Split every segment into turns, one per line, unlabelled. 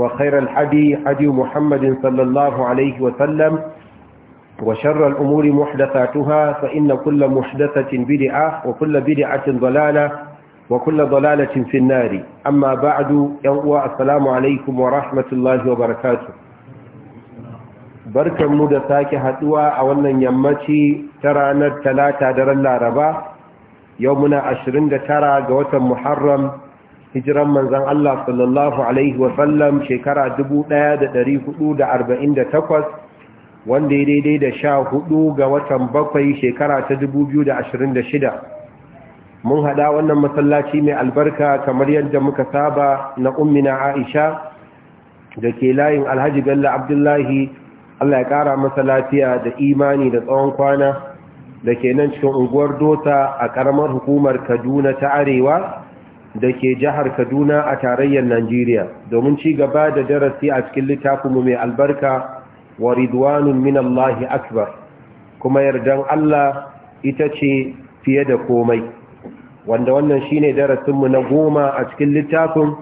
وخير الحدي حدي محمد صلى الله عليه وسلم وشر الأمور محدثاتها فإن كل محدثة بدعة وكل بدعة ضلالة وكل ضلالة في النار أما بعد يوء السلام عليكم ورحمة الله وبركاته بركة مدى ساكي هدوى أولا يمتي ترانا الثلاثة در الله ربا يومنا عشرين ترى قوة محرم hijiran manzan Allah sallallahu Alaihi wasallam shekara 1448 wanda ya daidai da sha hudu ga watan bakwai shekara ta 2026 mun hada wannan masallaci mai albarka kamar yadda muka saba na ummina Aisha da ke layin alhaji Bello Abdullahi Allah ya kara masa lafiya da imani da tsawon kwana da ke nan cikin unguwar Dota a ƙaramar hukumar Kaduna ta Arewa da ke jihar Kaduna a tarayyar Najeriya domin ci gaba da darasi a cikin littafinmu mai albarka wa ridwanun minallahi akbar kuma yardan Allah ita ce fiye da komai wanda wannan shine darasinmu na goma a cikin littafin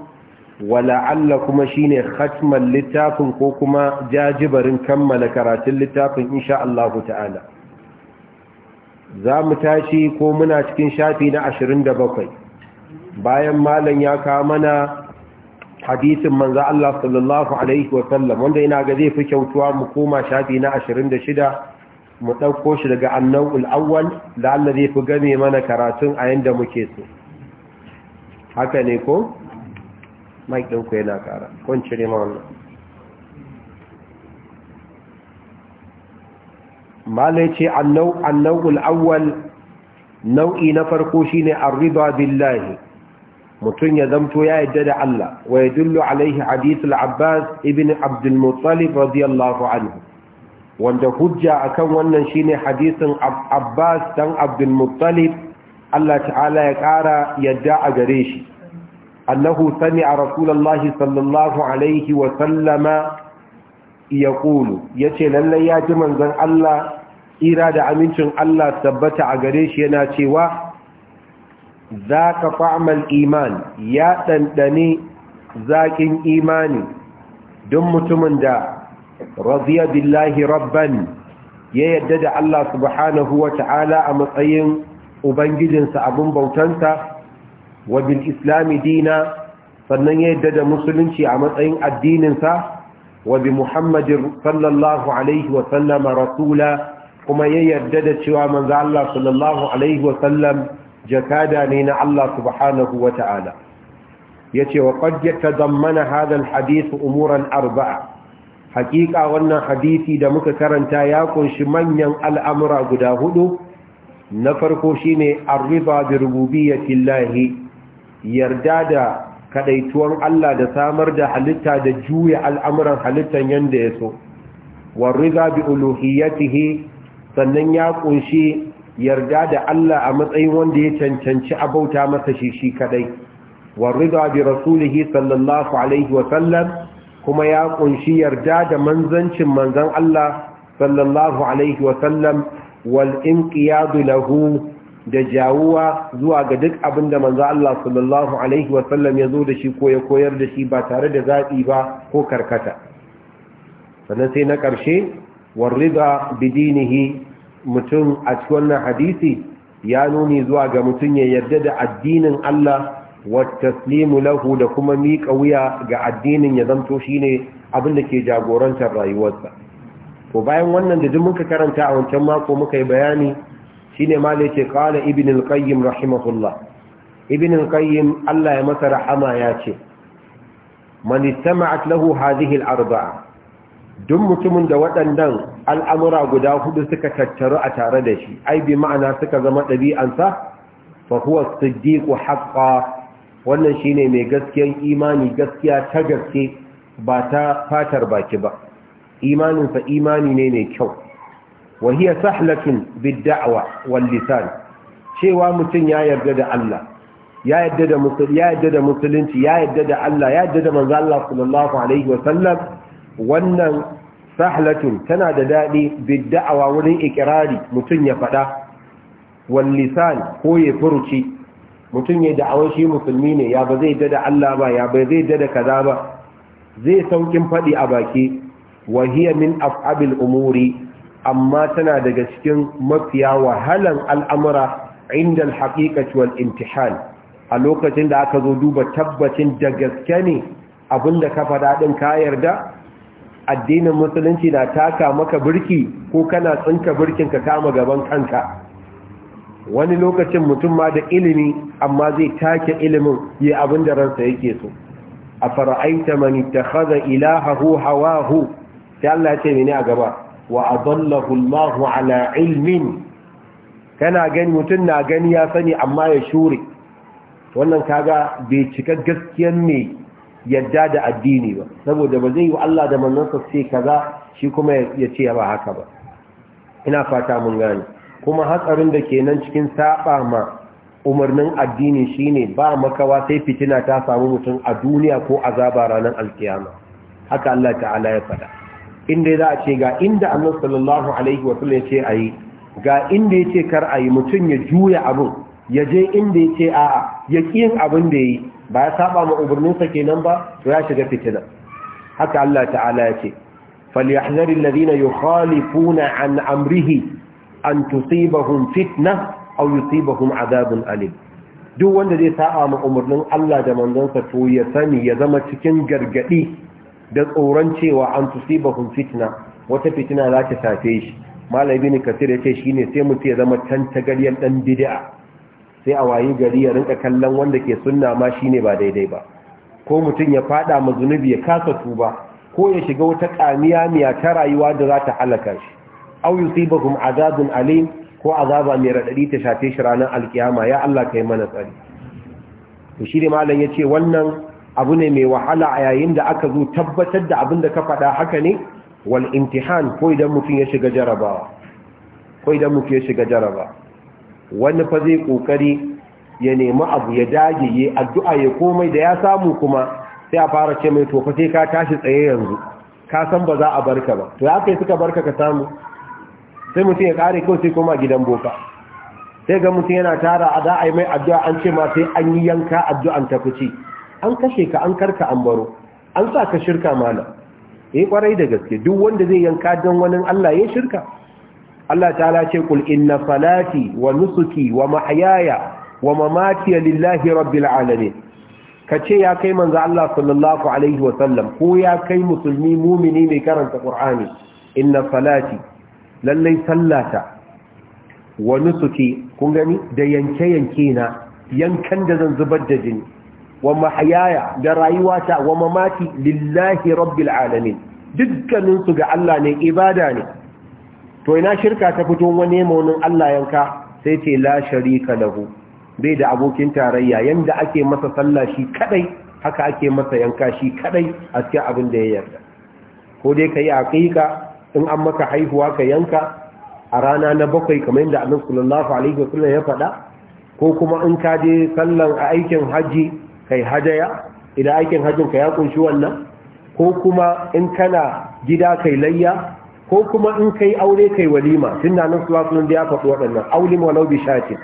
wala Allah kuma shine khatman littafin ko kuma jajibarin kammala karatun littafin insha Allah ta'ala za mu tashi ko muna cikin shafi na bakwai. bayan malam ya kawo mana hadisin manzo Allah sallallahu alaihi wa sallam wanda ina ga zai fi kyautuwa mu koma shafi na 26 mu dauko shi daga annawul awwal da Allah zai fi game mana karatun a yanda muke so haka ne ko mai din ku yana kara kun cire ma wannan malai ce annawul awwal nau'i na farko shine arriba billahi mutum ya zamto ya yadda da Allah wa ya dullu alaihi hadithul Abbas ibn Abdul Muttalib radiyallahu anhu wanda hujja akan wannan shine hadisin Abbas dan Abdul Muttalib Allah ta'ala ya ƙara yadda a gare shi annahu sami'a rasulullahi sallallahu alaihi wa sallama yaqulu yace lallai ya ji manzon Allah ira da amincin Allah tabbata a gare shi yana cewa za ka fa'amal iman ya ɗanɗane zaƙin imani don mutumin da raziya billahi rabban ya yadda da Allah subhanahu wa ta'ala a matsayin Ubangijinsa abin bautansa wa bil islami dina sannan ya yadda da musulunci a matsayin addininsa wa bi muhammadin sallallahu alaihi wasallama rasula kuma ya yarda da cewa Manza Allah sallallahu alaihi wasallam jakada ne na Allah subhanahu wa ta'ala ya ce wa ƙwadjar ta zammana hadal hadisu umuran arba'a haƙiƙa wannan hadisi da muka karanta ya kunshi manyan al'amura guda hudu na farko shi ne arriba bi lahi. yarda da kadaituwan Allah da samar da halitta da juya al'amuran halittan yadda ya so warriza bi uluhiyyatihi sannan ya kunshi yarda da Allah a matsayin wanda ya cancanci abauta masa shi shi kadai warida bi rasulihi sallallahu alaihi wa sallam kuma ya kunshi yarda da manzancin manzan Allah sallallahu alaihi wa sallam wal inqiyadu lahu da jawuwa zuwa ga duk abinda manzan Allah sallallahu alaihi wa sallam ya zo da shi ko ya koyar da shi ba tare da zabi ba ko karkata sannan sai na ƙarshe warida dinihi mutum a cikin wannan hadisi ya nuni zuwa ga mutum ya yarda da addinin Allah wa taslimu lahu da kuma miƙa wuya ga addinin ya zanto shine abin da ke jagorantar rayuwarsa Ko bayan wannan da duk muka karanta a wancan mako muka yi bayani shine ma da yake qala ibn al-qayyim rahimahullah ibn al-qayyim Allah ya masa rahama ya ce man istama'at lahu hadhihi al-arba'a duk mutumin da waɗannan al'amura guda hudu suka tattaru a tare da shi ai bi ma'ana suka zama ɗabi'ansa fa huwa siddiqu Haƙƙa wannan shine mai gaskiyan imani gaskiya ta gaske ba ta fatar baki ba imaninsa imani ne mai kyau wa hiya sahlatun bid da'wa cewa mutum ya yarda da Allah ya yarda da musulunci ya yarda da Allah ya yarda da manzo Allah sallallahu alaihi wannan sahlatun tana da daɗi bidda'awa wurin ikirari mutum ya faɗa wallisan ko ya furuci mutum ya da'awar shi musulmi ne ya ba zai dada Allah ba ya ba zai dada kaza ba zai saukin faɗi a baki wahiyar min af'abil umuri amma tana daga cikin mafiya wahalan al'amura inda al wal imtihan a lokacin da aka zo duba tabbacin da gaske ne abinda ka faɗa ɗin ka yarda addinin musulunci na taka maka birki ko kana tsinka birkin ka kama gaban kanka wani lokacin mutum ma da ilimi amma zai take ilimin yi abin da ransa yake so a fara'aita mani ta haza ilahahu hawahu sai Allah ce mini a gaba wa adallahu Allahu ala ilmin kana gani mutum na gani ya sani amma ya shure wannan kaga bai cika gaskiyar ne yadda da addini ba saboda ba zai yi wa Allah da manzansa sai kaza shi kuma ya ce ba haka ba ina fata mun gane kuma hatsarin da kenan cikin saba ma umarnin addini shine ba makawa sai fitina ta samu mutum a duniya ko azaba ranar alkiyama haka Allah ta'ala ya faɗa inda za a ce ga inda Allah sallallahu alaihi wa sallam ya ce ayi ga inda ya ce kar ayi mutum ya juya abun ya je inda ya ce a'a ya abin da yi ba ya saba ma umarninsa kenan ba to ya shiga fitina haka Allah ta'ala ya ce falyahdhar alladhina yukhalifuna an amrihi an tusibahum fitna aw yusibahum adhabun alim duk wanda zai saba ma umarnin Allah da manzonsa to ya sani ya zama cikin gargadi da tsoron cewa an tusibahum fitna wata fitina za ta safe shi malai bin kasir ce shine sai mutum ya zama tantagaryen dan bid'a sai a wayi gari ya rinka kallon wanda ke sunna ma shine ba daidai ba ko mutum ya fada ma zunubi ya kasa tuba ko ya shiga wata kamiya miya ta rayuwa da za ta halaka shi aw yusibakum azabun alim ko azaba mai radadi ta shafe shi ranar alkiyama ya Allah kai mana tsari to shi da malam yace wannan abu ne mai wahala a yayin da aka zo tabbatar da abin da ka faɗa haka ne wal imtihan ko idan mutum ya shiga jarabawa ko idan mutum ya shiga jarabawa wani fa zai kokari ya nemi abu ya dage ya addu'a ya komai da ya samu kuma sai a fara ce mai tofa sai ka tashi tsaye yanzu ka san ba za a barka ba to ya kai suka barka ka samu sai mutum ya kare kawai sai kuma gidan boka sai ga mutum yana tara a da mai addu'a an ce ma sai an yi yanka addu'an ta fice an kashe ka an karka an baro an sa ka shirka mana eh kwarai da gaske duk wanda zai yanka don wani Allah ya shirka Allah ta ce kul inna salati wa nusuki wa mahyaya wa mamati lillahi rabbil alamin kace ya kai manzo Allah sallallahu alaihi wa sallam ko ya kai musulmi mumini mai karanta qur'ani inna salati lallai sallata wa nusuki kun gani da yanke yanke na yankan da zan zubar da jini wa mahyaya da rayuwata wa mamati lillahi rabbil alamin dukkaninsu ga Allah ne ibada ne to ina shirka ta fito wani maunin Allah yanka sai ce la sharika lahu bai da abokin tarayya yanda ake masa sallah shi kadai haka ake masa yanka shi kadai a cikin abin da ya yarda ko dai kai aqiqa in an maka haihuwa ka yanka a rana na bakwai kamar yadda Annabi sallallahu alaihi wasallam ya faɗa ko kuma in ka je sallan aikin haji kai hadaya idan aikin hajjin ka ya kunshi wannan ko kuma in kana gida kai layya ko kuma in kai aure kai walima tun nan sunan da ya faɗi waɗannan aulim ma laubi shatin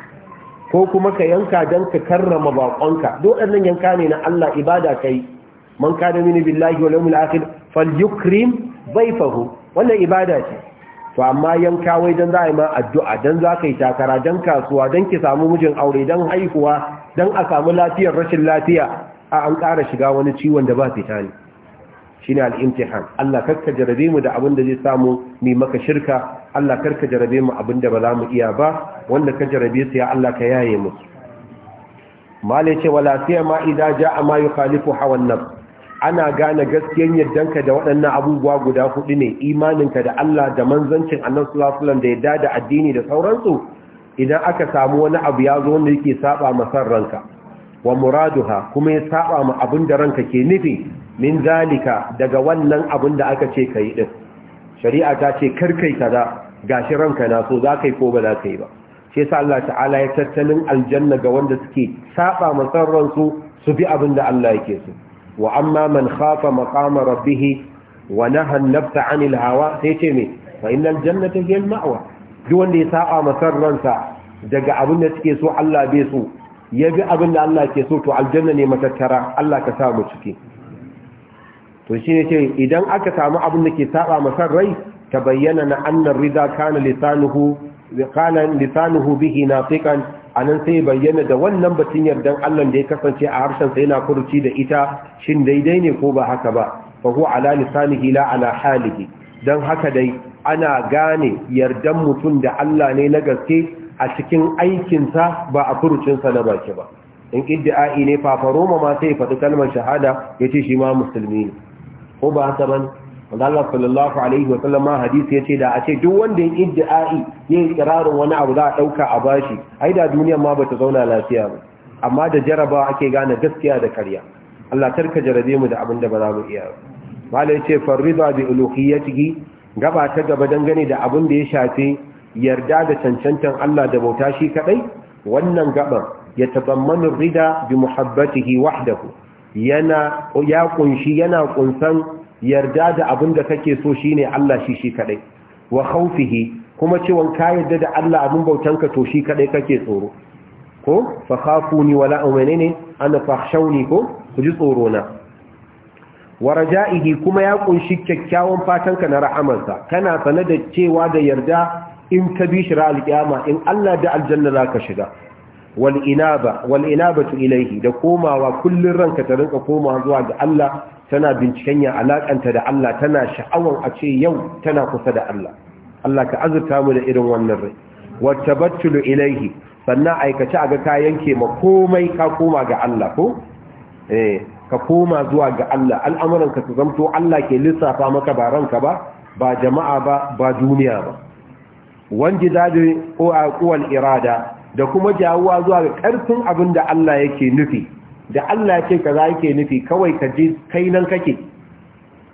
ko kuma ka yanka don ka karrama baƙonka duk waɗannan yanka ne na Allah ibada kai man da mini billahi wa yawmil akhir yukrim dhayfahu wannan ibada ce to amma yanka wai dan za a yi ma addu'a dan za ka yi takara dan kasuwa dan ki samu mijin aure dan haihuwa dan a samu lafiyar rashin lafiya a an ƙara shiga wani ciwon da ba fita shine al-imtihan Allah karka jarabe mu da abin da zai samu mi maka shirka Allah karka jarabe mu abin da ba za mu iya ba wanda ka jarabe su ya Allah ka yaye mu mala ce wala ma idza jaa ma yukhalifu hawan nan? ana gane gaskiyan yardanka da waɗannan abubuwa guda hudu ne imaninka da Allah da manzancin Annabi sallallahu alaihi wasallam da yadda da addini da sauransu idan aka samu wani abu ya zo wanda yake saba masar ranka wa muraduha kuma ya saba ma abin da ranka ke nufi min zalika daga wannan abin da aka ce yi ɗin. shari'a ta ce karkai kaza gashi ranka na so za yi ko ba za ka yi ba shi yasa Allah ta'ala ya tattalin aljanna ga wanda suke saba masarran su su bi abin da Allah yake so wa amma man khafa maqama rabbih wa naha nafsa 'anil hawa sai ce me fa innal jannata hiya al-ma'wa duk wanda ya saba masarran sa daga abin da suke so Allah bai so ya bi abin da Allah ke so to aljanna ne matattara Allah ka sa mu ciki to shine ce idan aka samu abin da ke saba masar rai ta bayyana na annar rida kana lisanuhu kana lisanuhu bihi nafiqan anan sai bayyana da wannan batun yardan Allah da ya kasance a harshen sa yana furuci da ita shin daidai ne ko ba haka ba fa huwa ala lisanihi la ala halihi dan haka dai ana gane yardan mutum da Allah ne na gaske a cikin aikinsa ba a furucinsa na baki ba in iddi'a'i ne fafaroma ma sai faɗi kalmar shahada ya ce shi ma musulmi ne ko ba haka bane wanda Allah sallallahu alaihi wa sallam hadisi ce da a ce duk wanda ya iddiai ya yi kirarin wani abu za a ɗauka a bashi ai da duniya ma bata zauna lafiya ba amma da jaraba ake gane gaskiya da karya Allah karka jarabe mu da abin da ba za mu iya ba malai yace farida bi uluhiyyatihi gaba ta gaba dangane da abin da ya shafi yarda da cancantan Allah da bauta shi kadai wannan gaban ya tabammanu rida bi muhabbatihi wahdahu ya kunshi yana kunsan yarda da abin da kake so shine Allah shi shi kadai wa khawfihi kuma cewa ka yarda da Allah abin bautanka to shi kadai kake tsoro ko fa ni wala amanini ana fakhshawni ko ku ji tsoro na wa raja'ihi kuma ya kunshi kyakkyawan fatan ka na rahamarsa kana sane da cewa da yarda in ka bi shi ra'al in Allah da aljanna zaka shiga Wal'inaba inaba ilaihi da komawa kullum ranka ta rinka komawa zuwa ga Allah tana binciken ya alakanta da Allah tana sha'awar a ce yau tana kusa da Allah Allah ka azurta mu da irin wannan rai wata tabattulu ilaihi sannan aikace a ga kayan ke ma komai ka koma ga Allah ko eh, ka koma zuwa ga Allah ka ka zamto Allah ke lissafa maka ba ranka ba ba jama'a ba ba duniya ba wanda zabi ko a irada da kuma jawuwa zuwa ga ƙarfin abin da Allah yake nufi da Allah ce za yake nufi kawai ka je kai nan kake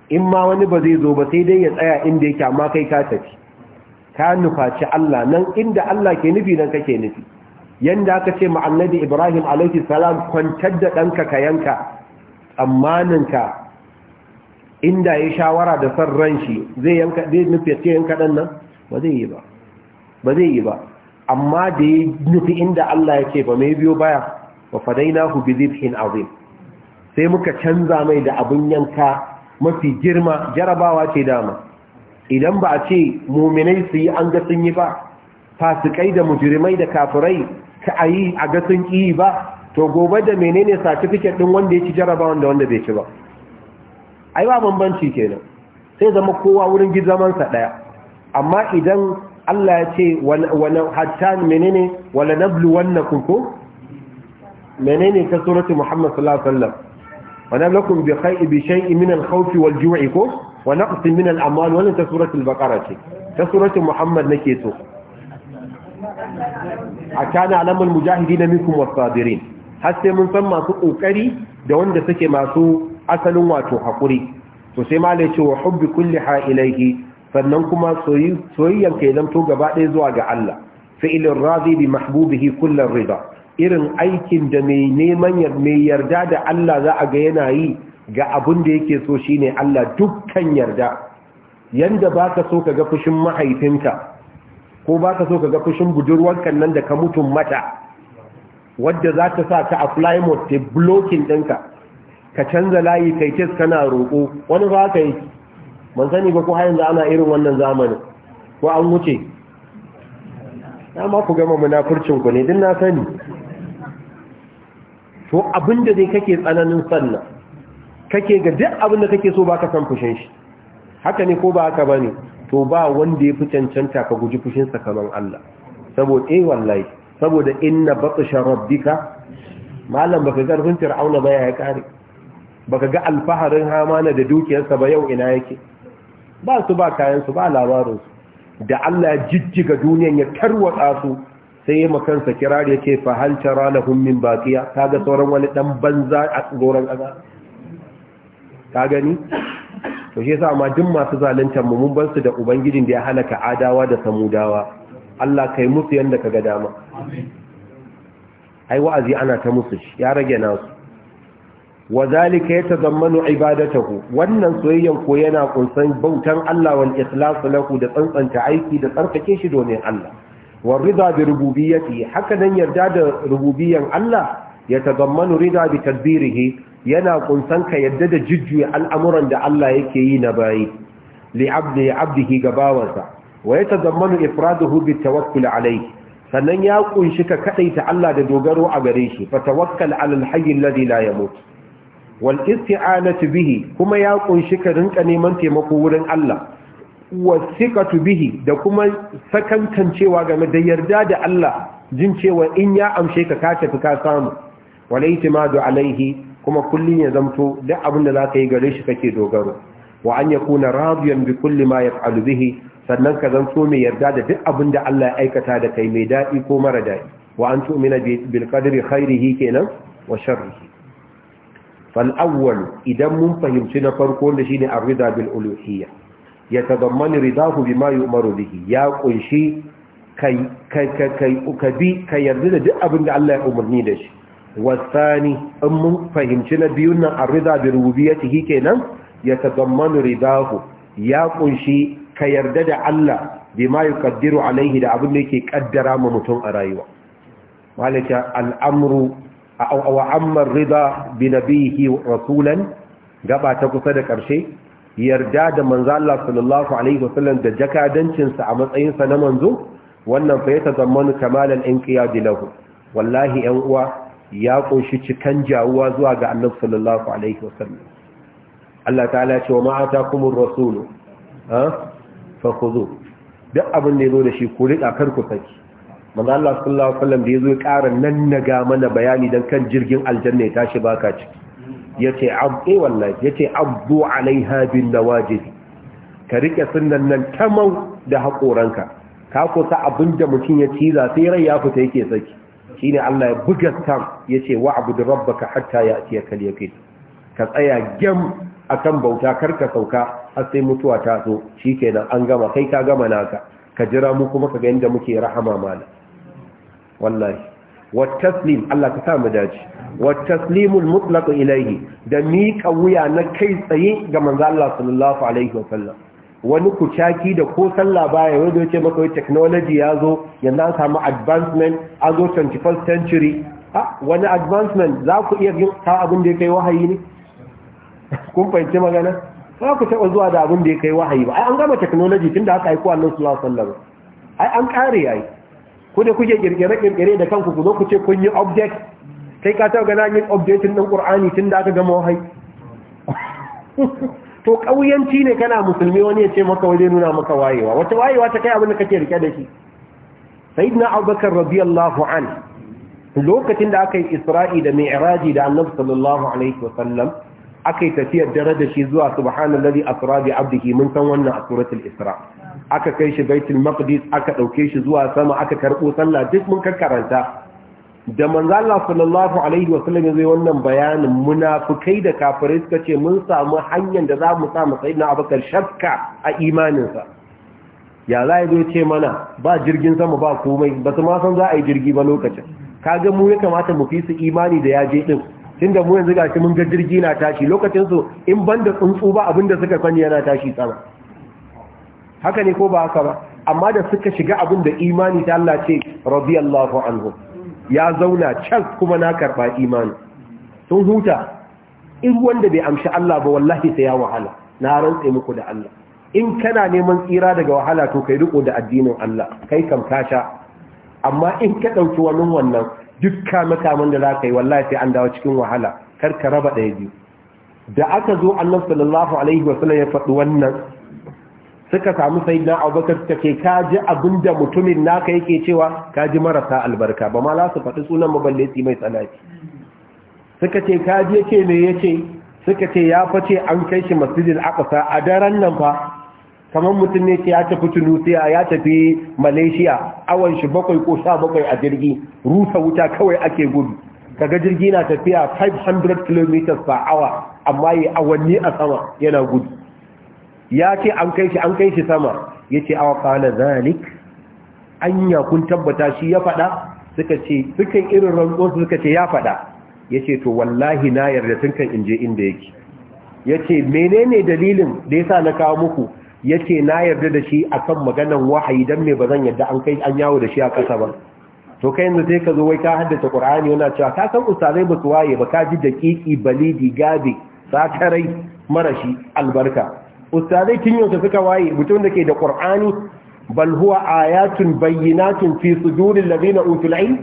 in ma wani ba zai zo ba sai dai ya tsaya inda yake amma kai ka tafi ka nufaci Allah nan inda Allah ke nufi nan kake nufi yanda aka ce ma annabi Ibrahim alaihi salam kwantar da danka ka yanka ka inda ya shawara da san ran shi zai yanka dai nufi yanka dan nan ba zai yi ba ba zai yi ba amma da ya nufi inda Allah ya ce ba mai biyo baya na fadainahu bi zibhin azim sai muka canza mai da abin yanka mafi girma jarabawa ce dama idan ba a ce muminai su yi an ga sun yi ba fasikai da mujirmai da kafirai ka a yi a ga sun yi ba to gobe da menene certificate ɗin wanda ya ci jarabawan da wanda bai ci ba ai ba bambanci kenan sai zama kowa wurin gizamansa ɗaya amma idan Allah ya ce wala hatta menene wala nablu wannakum ko menene ta surati Muhammad sallallahu alaihi wasallam wa nablukum bi khay'i bi shay'in min haufi wal-ju'i ko wa naqsin min al-amwal wala ta surati al-baqara ce ta surati Muhammad nake so akana alamal mujahidin minkum was-sabirin har sai mun san masu ƙoƙari da wanda suke masu asalin wato haƙuri. to sai malai ce wa hubbi kulli ha ilaihi sannan kuma soyayyan ka ya to gaba ɗaya zuwa ga Allah fi'ilin radi bi mahbubihi kullar rida irin aikin da mai neman mai yarda da Allah za a ga yana yi ga abin da yake so shine Allah dukkan yarda yanda baka so ka ga fushin mahaifinka ko baka so ka ga fushin budurwarka nan da ka mutum mata wadda za ta sa ta a mode ta blocking ɗinka ka canza layi kai kana roƙo wani ba ka yi ban sani ba ko har yanzu ana irin wannan zamanin ko an wuce ya ma ku gama munafurcin ku ne din na sani to abinda zai kake tsananin sanna kake ga duk abinda kake so baka san fushin shi haka ne ko ba haka bane to ba wanda ya fi cancanta ka guji fushin sa kaman Allah saboda eh wallahi saboda inna batsha rabbika malam baka ga fir'auna ba ya kare baka ga alfaharin hamana da dukiyarsa ba yau ina yake ba su ba kayansu ba labarinsu da Allah jijjiga duniyan ya tarwatsa su sai ya makansa kirar ya ce fahalta ranahun min ta ga sauran wani dan banza a tsoron ƙasa? ka gani to shi yasa ma duk masu zalunta mu mun da ubangijin da ya halaka adawa da samudawa Allah kai musu yanda kaga dama amin ai wa'azi ana ta musu ya rage nasu wa zalika yatadammanu ibadatahu wannan soyayyan ko yana kunsan bautan Allah wal ikhlas lahu da tsantsanta aiki da tsarkake shi domin Allah wa rida bi rububiyyati haka nan yarda da rububiyyan Allah yatadammanu rida bi tadbirihi yana kunsan ka yadda da jujjuya al'amuran da Allah yake yi na bayi li abdi abdihi gabawansa wa yatadammanu ifraduhu bi tawakkul alayhi sannan ya kunshi ka kadaita Allah da dogaro a gare shi fa tawakkal alal hayy alladhi la yamut wal isti'anatu bihi kuma ya kunshi ka rinka neman taimako wurin Allah wasiqatu bihi da kuma sakantancewa game da yarda da Allah jin cewa in ya amshe ka ka tafi ka samu wal itimadu alaihi kuma kullun ya zamto duk abin da zaka yi gare shi kake dogaro wa an yakuna radiyan bi kulli ma yaf'alu bihi sannan ka zanto mai yarda da duk abin da Allah ya aikata da kai mai dadi ko mara dadi wa an tu'mina bil qadri khairihi kenan wa sharrihi فالأول إذا منفهمتنا فرقون لشين الرضا بالألوحية يتضمن رضاه بما يؤمر به يا قنشي كي كي كي كي كي كي يرضي دي أبن الله أمرني لش والثاني أم فهمتنا بيونا الرضا بربوبيته كينا يتضمن رضاه يا قنشي كي يرضي الله بما يقدر عليه دا أبن لكي قدر ممتون أرايوه وهذا الأمر wa amma rida bi nabihi rasulan gaba ta kusa da ƙarshe yarda da manzo Allah sallallahu alaihi wasallam da jakadancinsa a matsayinsa na manzo wannan fa yata zammanu kamalan inqiyad lahu wallahi yan uwa ya ƙunshi cikan jawuwa zuwa ga Annabi sallallahu alaihi wasallam Allah ta'ala ya ce wa ma'atakumur rasul ha fa khudhu duk abin da yazo da shi ku rika kar ku saki manzo Allah sallallahu alaihi wasallam da yazo ya ƙara nan naga mana bayani dan kan jirgin aljanna ya tashi baka ciki yace abdu eh wallahi yace abdu alaiha bin nawajid ka riƙe sunnan nan tamau da hakoranka ka kusa da mutum ya ciza sai rai ya fita yake saki shine Allah ya buga tam yace wa'bud rabbaka hatta ya'tiyaka al-yaqin ka tsaya gem akan bauta karka sauka har mutuwa ta zo shikenan an gama kai ka gama naka ka jira mu kuma ka ga inda muke rahama mala wallahi والتسليم الله كسام داجي والتسليم المطلق إليه دميك ويا نكي سيء كما الله صلى الله عليه وسلم wani kucaki da ko sallah baya wanda yace maka wai technology ya zo yanzu an samu advancement an zo 21st century ha wani advancement za ku iya yin ta abin da ya kai wahayi ne kun fahimci magana ba ku taɓa zuwa da abin da ya kai wahayi ba ai an gama technology tun da aka aiko annabi sallallahu alaihi wasallam ai an kare yayi ku da kuke kirkire-kirkire da kanku ku zo ku ce kun yi object kai ka taɓa gana yin objectin ɗan ƙur'ani tun da aka gama wahai to ƙauyanci ne kana musulmi wani ya ce maka waje nuna maka wayewa wata wayewa ta kai abin kake rike da shi sayyidina abubakar radiyallahu an lokacin da aka yi isra'i da mi'raji da annabi sallallahu alaihi wasallam aka yi tafiyar dare da shi zuwa subhanallazi a turabi abdihi mun san wannan a suratul isra aka kai shi baitul maqdis aka dauke shi zuwa sama aka karbo sallah duk mun karanta da manzo Allah sallallahu alaihi wasallam yayi wannan bayanin munafikai da kafirai suka ce mun samu hanyar da za mu sa mu sayyidina abakar shakka a imaninsa ya za ya ce mana ba jirgin sama ba komai ba su ma san za a yi jirgi ba lokacin kaga mu ya kamata mu fi su imani da yaje din Tun mu yanzu gashi mun ga jirgi na tashi lokacin su in da tsuntsu ba abinda suka sani yana tashi sama haka ne ko ba haka ba amma da suka shiga abin imani ta Allah ce radiyallahu anhu ya zauna can kuma na karba imani sun huta in wanda bai amshi Allah ba wallahi sai ya wahala na rantse muku da Allah in kana neman tsira daga wahala to kai riko da addinin Allah kai kam kasha amma in ka ɗauki wani wannan duk kame da za ka yi wallahi sai an dawo cikin wahala kar ka raba ɗaya biyu da aka zo annabi sallallahu alaihi wa sallam ya faɗi wannan suka samu sayyidina abubakar ta ke kaji abinda mutumin naka yake cewa kaji marasa albarka ba ma za su faɗi sunan maballeti mai tsanaki suka ce kaji yake me yace suka ce ya face an kai shi masjidil aqsa a daren nan fa kamar mutum ne ce ya tafi tunisia ya tafi malaysia awon shi bakwai ko sha bakwai a jirgi rusa wuta kawai ake gudu kaga jirgi na tafiya 500 km per hour amma yi awanni a sama yana gudu ya ce an kai shi an kai shi sama ya ce awa kana zalik anya kun tabbata shi ya faɗa suka ce sukan irin rantsuwarsu suka ce ya faɗa ya ce to wallahi na yarda tun kan inje inda yake ya ce menene dalilin da ya sa na kawo muku ya ce na yarda da shi a kan maganan wahayi don mai ba zan yarda an kai an yawo da shi a ƙasa ba to kai yanzu sai ka zo wai ka haddace ƙura'ani yana cewa ka san ustazai ba su waye ba ka ji daƙiƙi balidi gabe sakarai marashi albarka ustazai tun yau suka waye mutum da ke da qur'ani bal huwa ayatun bayyinatun fi suduril ladina utul ilm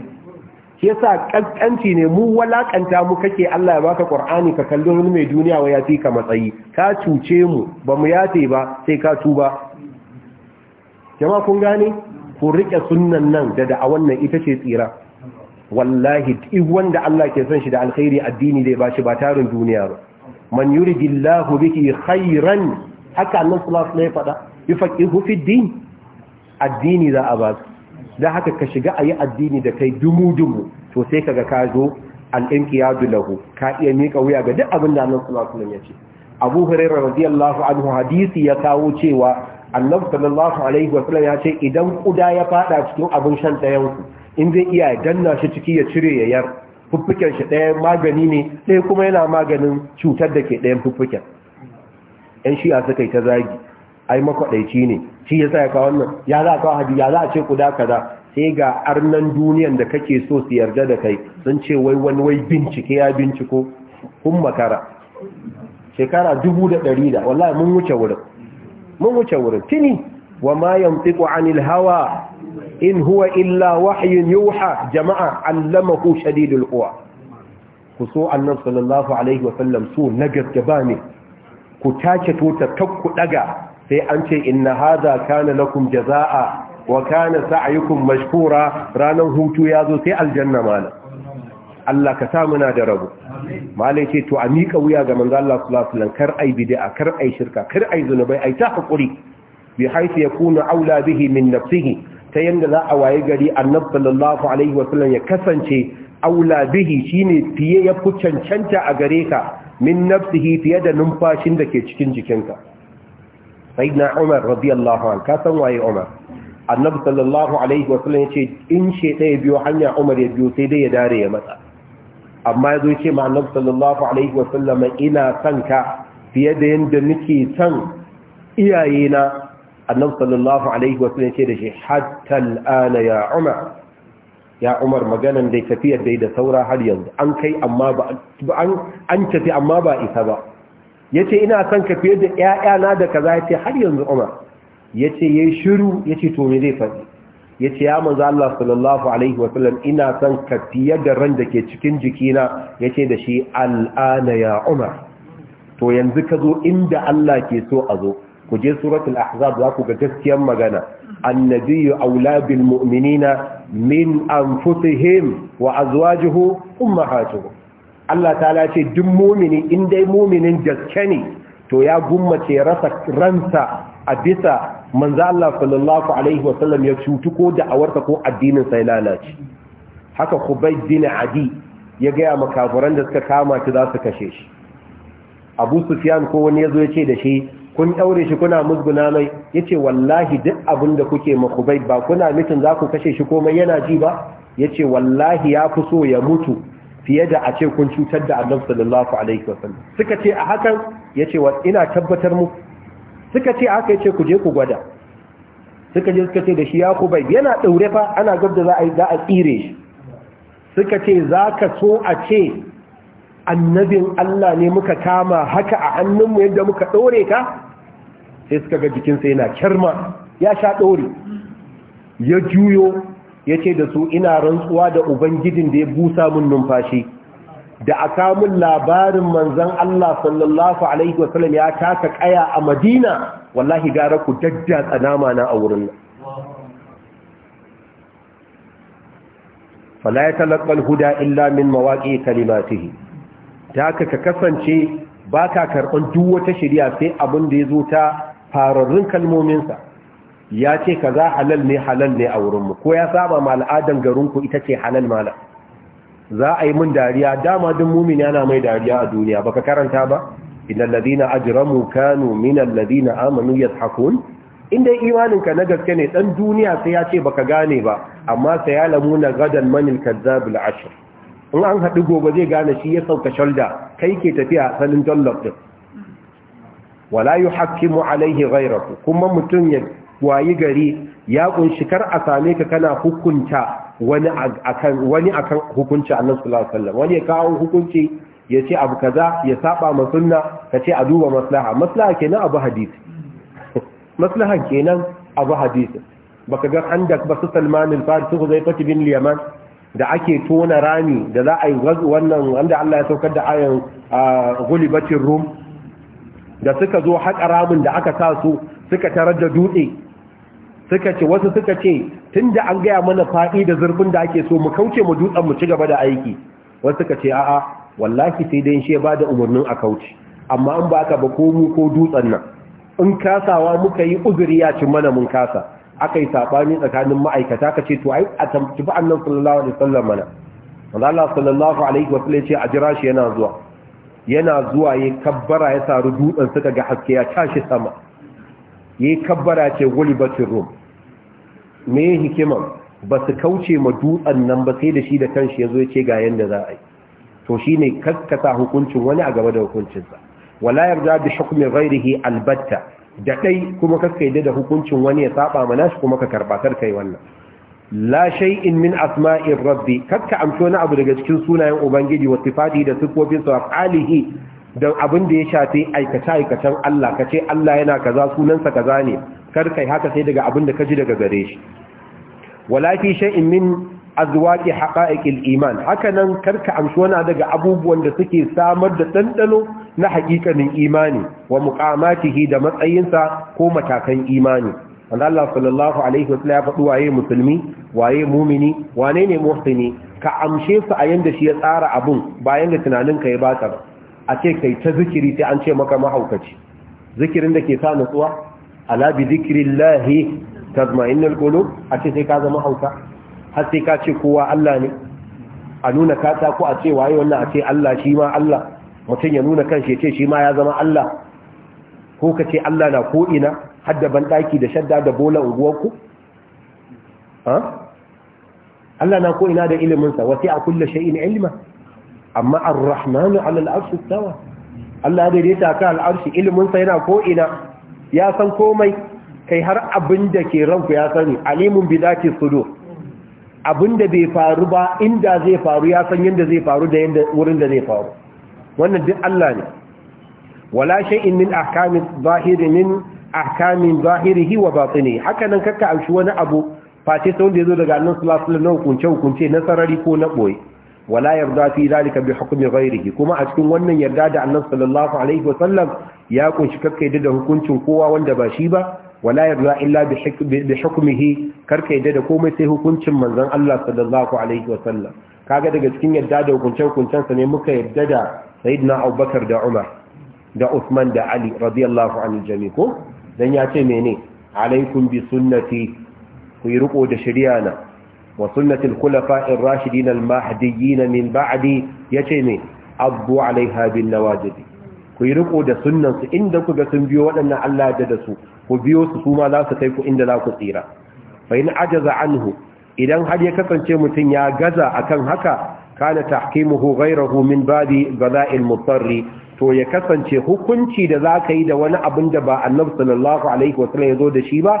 shi yasa kaskanci ne mu walakanta mu kake Allah ya baka Qur'ani ka kalli wani mai duniya wa ya ka matsayi ka cuce mu ba mu yafe ba sai ka tuba jama'a kun gane ku riƙe sunnan nan da da wannan ita ce tsira wallahi duk da Allah ke son shi da alkhairi addini ba bashi ba tarin duniya ba man yuridillahu bihi khairan haka annabi sallallahu alaihi wasallam ya faɗa yufaqihu fi din addini za a ba da haka ka shiga a yi addini da kai dumu-dumu to sai ga ka zo al'inkiyadu lahu ka iya miƙa wuya ga duk abin da nan sallallahu ya ce abu hurairah radiyallahu anhu hadisi ya kawo cewa annabi sallallahu alaihi wasallam ya ce idan kuda ya fada cikin abin shan ɗayan in zai iya danna shi ciki ya cire ya yar fuffuken shi ɗayan magani ne ɗaya kuma yana maganin cutar da ke ɗayan fuffuken yan shi'a suka yi ta zagi ai makwadaici ne shi yasa ya kawo wannan ya za kawo hadi ya za a ce kuda kaza sai ga arnan duniyan da kake so su yarda da kai sun ce wai wani wai bincike ya binciko kun makara shekara dubu da ɗari da wallahi mun wuce wurin mun wuce wurin Tini. wa ma yantiqu anil hawa in huwa illa wahyun yuha jama'a allamahu shadidul quwa ku so annabi sallallahu alaihi wa sallam so na gaggaba ne ku take tota ku daga sai an ce inna haza kana lakum jazaa wa kana sa'yukum mashkura ranan hutu yazo sai aljanna mala Allah ka sa muna da rabo mala ce to a mika wuya ga manzo Allah sallallahu alaihi kar ai bid'a kar ai shirka kar ai zunubai ai ta hakuri bi haythu yakunu aula bihi min nafsihi ta yanda za a waye gari annabi sallallahu alaihi wasallam ya kasance aula bihi shine fiye ya fi cancanta a gare ka min nafsihi fiye da numfashin da ke cikin jikinka sayyidina Umar radiyallahu anhu ka san waye Umar annabi sallallahu alaihi wasallam yace in she ɗaya biyo hanya Umar ya biyo sai dai ya dare ya matsa amma yazo yace ma annabi sallallahu alaihi wasallam ina son ka fiye da yanda nake son iyayena annabi sallallahu alaihi wasallam yace da shi hatta al'ana ya Umar ya Umar maganan dai tafiyar dai da saura har yanzu an kai amma ba an tafi amma ba isa ba Ya ce ina son ka fiye da 'ya'yana na da kaza ce har yanzu Umar yace yayi shiru ce to me zai faɗi ce ya manzo Allah sallallahu alaihi wa ina son ka fiye da ran da ke cikin jikina Ya ce da shi al'ana ya Umar to yanzu ka zo inda Allah ke so a zo ku je suratul ahzab za ku ga gaskiyar magana annabiyyu aula bil mu'minina min anfusihim wa azwajuhu ummahatuhum Allah ta'ala ce duk mumini in dai muminin gaske ne to ya gummace rasa ransa a bisa manzo Allah sallallahu alaihi wasallam ya cutu ko da awarta ko addinin sai lalace haka Khubayb bin Adi ya ga makafuran da suka kama shi za su kashe shi Abu Sufyan ko wani yazo ya ce da shi kun daure shi kuna musguna mai yace wallahi duk abin da kuke ma Khubayb ba kuna mutun za ku kashe shi komai yana ji ba yace wallahi ya fi so ya mutu fiye da a ce kun cutar da annabi sallallahu alaihi wasallam suka ce a hakan yace wa ina tabbatar mu suka ce haka yace ku je ku gwada suka je suka ce da shi ya ku bai yana daure fa ana gabda za a yi za a tsire shi suka ce zaka so a ce annabin Allah ne muka kama haka a hannun mu yadda muka dore ka sai suka ga jikinsa yana kyarma ya sha dore ya juyo Ya ce da su ina rantsuwa da ubangijin da ya busa mun numfashi da a kamun labarin manzan Allah sallallahu alaihi wasallam ya taka kaya a Madina wallahi gara ku dadda tsanama na a wurin nan fala ya talakwal huda illa min mawaƙi kalimatihi ta haka ka kasance baka karɓar duk wata shirya sai abin da ya zo ta fararrun kalmominsa ya ce kaza halal ne halal ne a wurinmu ko ya saba ma garin garinku ita ce halal malam za a yi mun dariya dama duk mumin yana mai dariya a duniya baka karanta ba innal ladina ajramu kanu minal ladina amanu yadhakun inda imanin ka na gaske ne dan duniya sai ya ce baka gane ba amma sai ya lamuna gadan manil kazzabul ashir in an haɗu gobe zai gane shi ya sauka shalda kai ke tafiya salin dollop din wala yuhakkimu alaihi ghayrahu kuma mutun ya wayi gari ya kunshi kar a same ka kana hukunta wani akan wani akan hukunci Annabi sallallahu alaihi wasallam wani ya kawo hukunci ya ce abu kaza ya saba ma sunna ka ce a duba maslaha maslaha kenan abu hadisi maslaha kenan abu hadisi baka ga handa ba su Salman al-Farisi ko zai fati bin Yaman da ake tona rami da za a yi wannan wanda Allah ya saukar da ayan gulibatin rum da suka zo haƙa ramin da aka sa su suka tarar da dutse suka ce wasu suka ce tun da an gaya mana faɗi da zurfin da ake so mu kauce mu dutsen mu ci gaba da aiki wasu suka ce a'a wallahi sai dai shi ba da umarnin a kauce amma an ba ka ba ko mu ko dutsen nan in kasawa muka yi uzuri ya ci mana mun kasa aka yi sabani tsakanin ma'aikata ka ce to ai a ba annan sallallahu alaihi wasallam mana Allah sallallahu alaihi wasallam ce a jira shi yana zuwa yana zuwa yayi kabbara ya saru dutsen suka ga haske ya tashi sama yayi kabbara ce gulibatir rum me hikiman ba su kauce ma dutsen nan ba sai da shi da kanshi ya zo ya ce ga yanda za a yi to shi ne kakkasa hukuncin wani a gaba da hukuncinsa wala yarda bi hukmin ghairihi albatta da dai kuma kakka yadda da hukuncin wani ya saba mana shi kuma ka karba kai wannan la shay'in min asma'i rabbi kakka wani abu daga cikin sunayen ubangiji wa sifati da sifofin sa alihi dan abin da ya shafi aikata aikatan Allah kace Allah yana kaza sunansa kaza ne kar yi haka sai daga abin da ka ji daga gare shi wala fi shay'in min azwaqi haqa'iqil iman haka nan kar ka amshi wani daga abubuwan da suke samar da dandano na haƙiƙanin imani wa muqamatihi da matsayinsa ko matakan imani wanda Allah sallallahu alaihi wasallam ya faɗi waye musulmi waye mumini wane ne muhsini ka amshe su a yanda shi ya tsara abun bayan da tunaninka ya bata a ce kai ta zikiri sai an ce maka mahaukaci zikirin da ke sa nutsuwa ala bi zikrillahi tazma'innul qulub a ce sai ka zama hausa har sai ka ce kowa Allah ne a nuna kata ko a ce waye wannan a ce Allah shi ma Allah mutum ya nuna kanshi ya ce shi ma ya zama Allah ko ka ce Allah na ko ina har da banɗaki da shadda da bola unguwarku Allah na ko ina da iliminsa wasi a kulle sha'in ilma amma ar-rahmanu ala al-arshi tawa Allah ya daidaita ka al-arshi iliminsa yana ko ina ya san komai kai har abin da ke ranku ya sani alimun bidaki sudur abin da bai faru ba inda zai faru ya san yadda zai faru da yadda wurin da zai faru wannan duk Allah ne wala shay'in min ahkamin zahiri min ahkamin zahirihi wa batini haka nan kakka amshi wani abu face sai wanda yazo daga Allah sallallahu alaihi wasallam hukunce hukunce na sarari ko na boye wala yarda fi zalika bi hukmi ghairihi kuma a cikin wannan yarda da allah sallallahu alaihi sallam ya kunshi kakkaide da hukuncin kowa wanda ba shi ba wala yarda illa bi hukmihi karkaide da komai sai hukuncin manzon Allah sallallahu alaihi sallam kaga daga cikin yarda da hukunce-hukuncen sa ne muka yarda da Sayyidina Abubakar da Umar da Uthman da Ali radiyallahu anhu jami ko dan ya ce mene alaikum bi sunnati ku yi riko da shari'a na wa sunnatul khulafa'ir rashidin al mahdiyyin min ba'di yace ne abu alaiha bin nawajid ku yi riko da sunnan su inda kuga sun biyo waɗannan Allah da su ku biyo su kuma za su kai ku inda za ku tsira fa in ajaza anhu idan har ya kasance mutum ya gaza akan haka kana tahkimuhu ghayruhu min badi bala'il mutarri to ya kasance hukunci da za ka yi da wani abin da ba annabi sallallahu alaihi wasallam ya zo da shi ba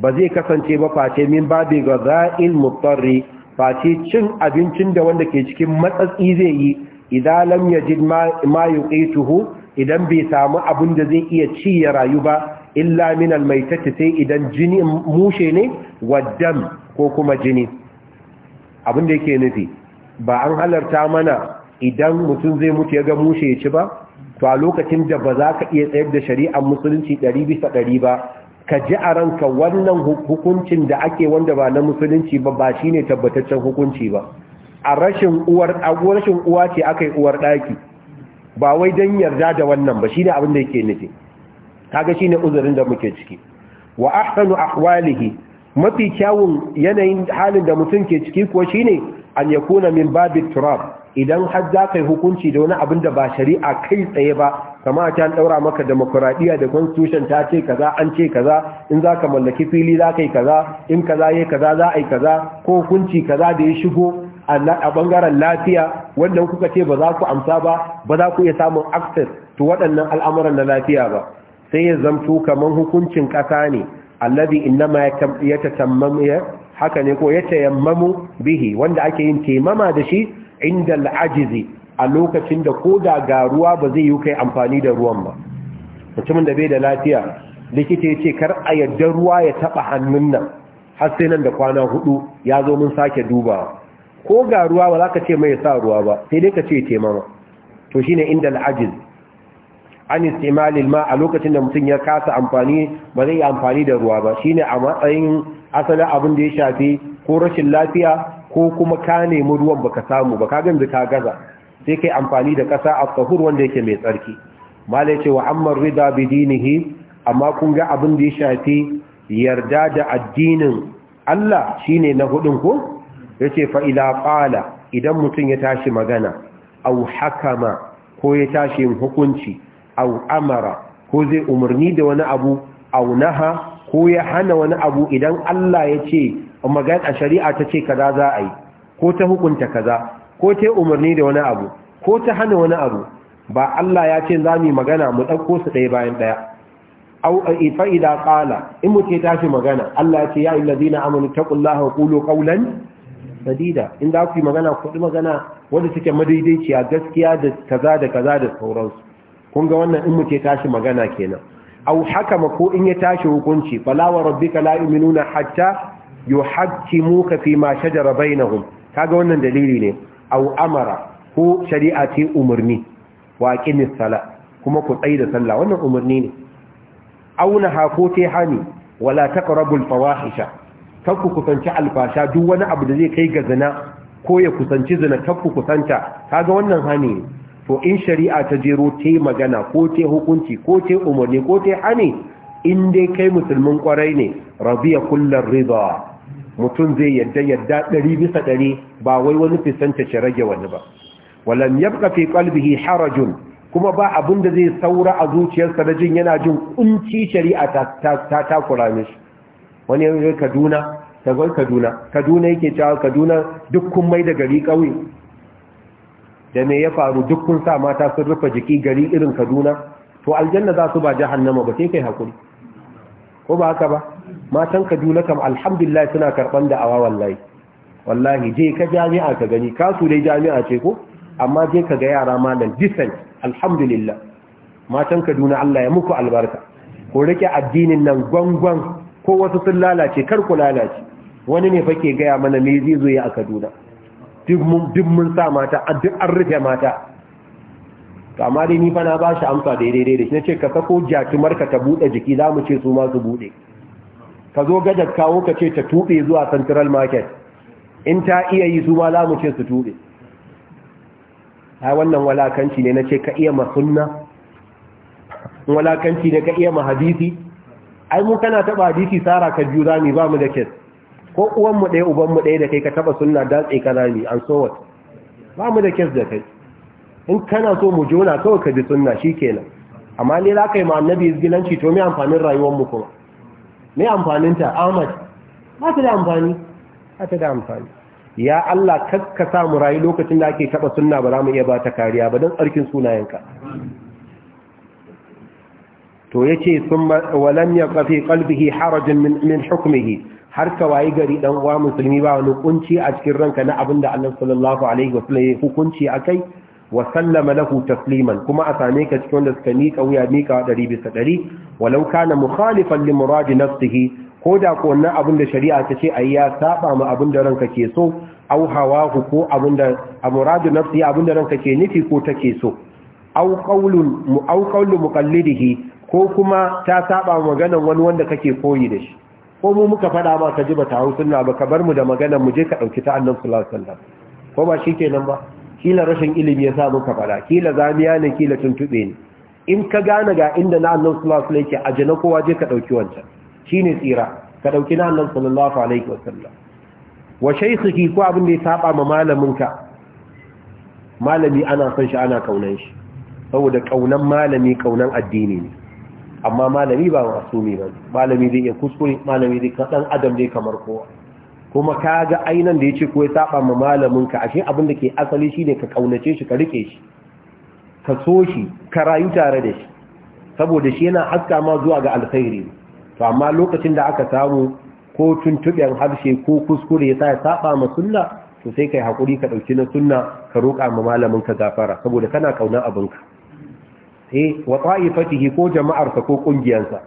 ba zai kasance ba face min babi ga za'il mutarri face cin abincin da wanda ke cikin matsatsi zai yi idan ya ji ma tuhu idan bai samu abin da zai iya ci ya rayu ba illa min almaitati sai idan jini mushe ne waddam ko kuma jini abin da yake nufi ba an halarta mana idan mutum zai mutu ya ga mushe ya ci ba to a lokacin da ba za ka iya tsayar da shari'ar musulunci ɗari bisa ɗari ba ka ji a ranka wannan hukuncin da ake wanda ba na musulunci ba ba shine tabbataccen hukunci ba a rashin uwar rashin uwa ce yi uwar ɗaki. ba wai don yarda da wannan ba ne abin da yake nufi kaga ne uzurin da muke ciki wa ahsanu ahwalihi mafi kyawun yanayin halin da mutum ke ciki ko shine an yakuna min babit turab idan har za yi hukunci da wani abin da ba shari'a kai tsaye ba kama a can daura maka demokuraɗiyya da constitution ta ce kaza an ce kaza in za ka mallaki fili za ka yi kaza in kaza ya kaza za a yi kaza ko hukunci kaza da ya shigo a bangaren lafiya wannan kuka ce ba za ku amsa ba ba za ku iya samun access to waɗannan al'amuran na lafiya ba sai ya zamto kamar hukuncin ƙasa ne allazi innama ya haka ne ko ya bihi wanda ake yin taimama da shi inda al'ajizi a lokacin da ko da ga ruwa ba zai yi kai amfani da ruwan ba mutumin da bai da lafiya likita ya ce kar a yarda ruwa ya taba hannun nan har sai nan da kwana hudu ya zo mun sake duba. ko ga ruwa ba za ka ce mai sa ruwa ba sai dai ka ce taimama to shine inda al'ajiz an istimalil ma a lokacin da mutum ya kasa amfani ba zai yi amfani da ruwa ba shine a matsayin asalin abin da ya shafi ko rashin lafiya ko kuma ka nemi ruwan baka samu ba ka ganda ka gaza sai kai amfani da ƙasa a tsahur wanda yake mai tsarki malai ce wa amman rida bi dinihi amma kun ga abin da ya shafi yarda da addinin Allah shine na hudun ko yace fa ila idan mutum ya tashi magana au hakama ko ya tashi yin hukunci au amara ko zai umarni da wani abu au naha ko ya hana wani abu idan Allah ya ce magana a shari'a ta ce kaza za a yi ko ta hukunta kaza ko ta umarni da wani abu ko ta hana wani abu ba Allah ya ce za mu magana mu ɗauko su ɗaya bayan ɗaya au eh, fa'ida qala in mu ce tashi magana Allah ya ce ya ayyuhallazina amanu taqullaha wa qulu qawlan sadida in za ku yi magana ku magana wanda suke madaidaiciya gaskiya da kaza da kaza da sauransu kun ga wannan in mu ce tashi magana kenan au hakama ko in ya tashi hukunci fala wa rabbika la yu'minuna hatta yuhaqqimuka fi ma shajara bainahum kaga wannan dalili ne au amara ko shari'a ce umarni wa aqimis sala kuma ku tsayi da sallah wannan umarni ne auna hako te hani wala taqrabul fawahisha kar ku kusanci alfasha duk wani abu da zai kai ga zina ko ya kusanci zina kar ku kusanta kaga wannan hani ne to in shari'a ta jero te magana ko te hukunci ko te umarni ko te hani in dai kai musulmin kwarai ne rabiya kullar riba mutum zai yadda yadda ɗari bisa ɗari ba wai wani fisantace rage wani ba walam ya fi ƙalbihi harajun kuma ba abin da zai saura a zuciyarsa da jin yana jin ƙunci shari'a ta takura wani yanzu kaduna zai kaduna kaduna yake cewa kaduna duk mai da gari ƙauye da me ya faru duk sa mata sun rufe jiki gari irin kaduna to aljanna za su ba jahannama ba sai kai hakuri ko ba haka ba matan kaduna kam alhamdulillah suna karban awa wallahi wallahi je ka jami'a ka gani ka su dai jami'a ce ko amma je ka ga yara malam decent alhamdulillah matan kaduna Allah ya muku albarka ko rike addinin nan gwangwan ko wasu sun lalace kar ku lalace wani ne fake gaya mana me zai zo ya a kaduna duk mun sa mata duk an rufe mata amma dai ni fa na ba shi amsa daidai da shi na ce ka sako jatumar ka ta buɗe jiki za mu ce su ma su buɗe ka zo gajar kawo ka ce ta tuɓe zuwa central market in ta iya yi su ma za mu ce su tuɓe ai wannan walakanci ne na ce ka iya masunna walakanci ne ka iya mahadisi ai mu kana taɓa hadisi tsara ka biyu zami ba mu da kes ko uwanmu ɗaya ubanmu ɗaya da kai ka taɓa sunna datse ka zami an so what ba mu da kes da kai in kana so mu jona kawai ka bi sunna shi kenan amma ne za ka yi ma annabi izgilanci to mai amfanin rayuwarmu kuma mai amfaninta ahmad ba ta da amfani ba ta da amfani ya Allah kakka sa mu rayu lokacin da ake taba sunna ba za mu iya ba ta kariya ba don tsarkin sunayenka to yace ce walam yaqa fi qalbihi harajin min min har ka wayi gari dan uwa musulmi ba wani kunci a cikin ranka na abinda Allah sallallahu alaihi wasallam ya hukunci akai wa sallama lahu tasliman kuma a same ka cikin wanda suka mika wuya mika ɗari bisa ɗari walau kana mukhalifan li muradi nafsihi ko da ko wannan abin da shari'a ta ce yi ya saba mu abin da ranka ke so au hawahu ko abin da muradi nafsi abin da ranka ke nufi ko take so au qaulun mu au qaulu muqallidihi ko kuma ta saba maganan wani wanda kake koyi da shi ko mu muka faɗa ba ka ji ba ta hau sunna ba ka bar mu da maganan mu je ka ɗauki ta annabi sallallahu alaihi wasallam ko ba kenan ba kila rashin ilimi ya sa muka fara kila zamiya ne kila tuntube ne in ka gane ga inda na annabi sallallahu alaihi wasallam yake ajina kowa je ka dauki wancan shine tsira ka dauki na annabi sallallahu alaihi wasallam wa shaykhihi ko abin da ya saba ma malamin ka malami ana son shi ana kaunan shi saboda kaunan malami kaunan addini ne amma malami ba ne ba malami zai iya kuskure malami zai dan adam ne kamar kowa kuma ka ga ainihin da ya ce ko ya saba ma malaminka ashe abin da ke asali shi ne ka kaunace shi ka rike shi ka so shi ka rayu tare da shi saboda shi yana haska ma zuwa ga alkhairi to amma lokacin da aka samu ko tuntuɓen harshe ko kuskure ya sa ya saba ma sunna to sai kai hakuri ka ɗauki na sunna ka roƙa ma malaminka gafara saboda kana kaunar abinka eh wa ta'ifatihi ko jama'arsa ko ƙungiyarsa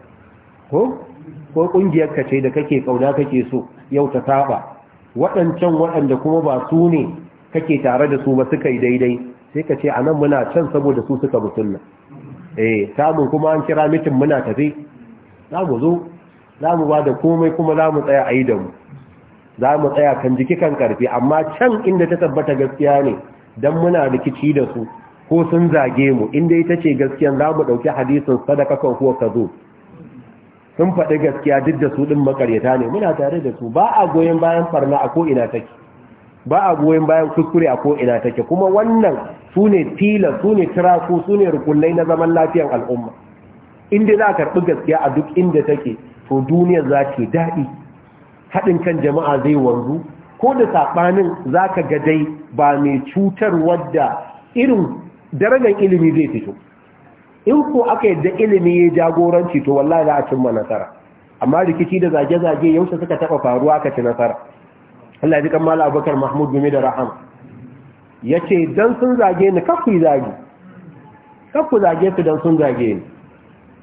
ko ko kungiyar ka ce da kake kauna kake so yau ta saba waɗancan waɗanda kuma ba su ne kake tare da su ba suka yi daidai sai ka ce anan muna can saboda su suka sunna eh samun kuma an kira mitin muna tafi za mu zo za mu ba da komai kuma za mu tsaya a yi da mu za mu tsaya kan jiki kan karfi amma can inda ta tabbata gaskiya ne dan muna rikici da su ko sun zage mu inda ita ce gaskiya za mu ɗauki hadisin sadaka kan kuwa ka zo sun faɗi gaskiya duk da su ɗin makaryata ne muna tare da su ba a goyon bayan farna a ko'ina take ba a goyon bayan kuskure a ko'ina take kuma wannan su ne tila su ne tiraku su ne rukunai na zaman lafiyan al'umma inda za a karɓi gaskiya a duk inda take to duniyar za ke daɗi haɗin kan jama'a zai wanzu ko da saɓanin za ka ga dai ba mai cutar wadda irin darajar ilimi zai fito in ko aka yadda ilimi ya jagoranci to wallahi za a cimma nasara amma rikici da zage-zage yaushe suka taba faruwa aka ci nasara Allah ji kammala Abubakar Mahmud bin da Rahama yace dan sun zage ni kafu zage kafu zage su dan sun zage ni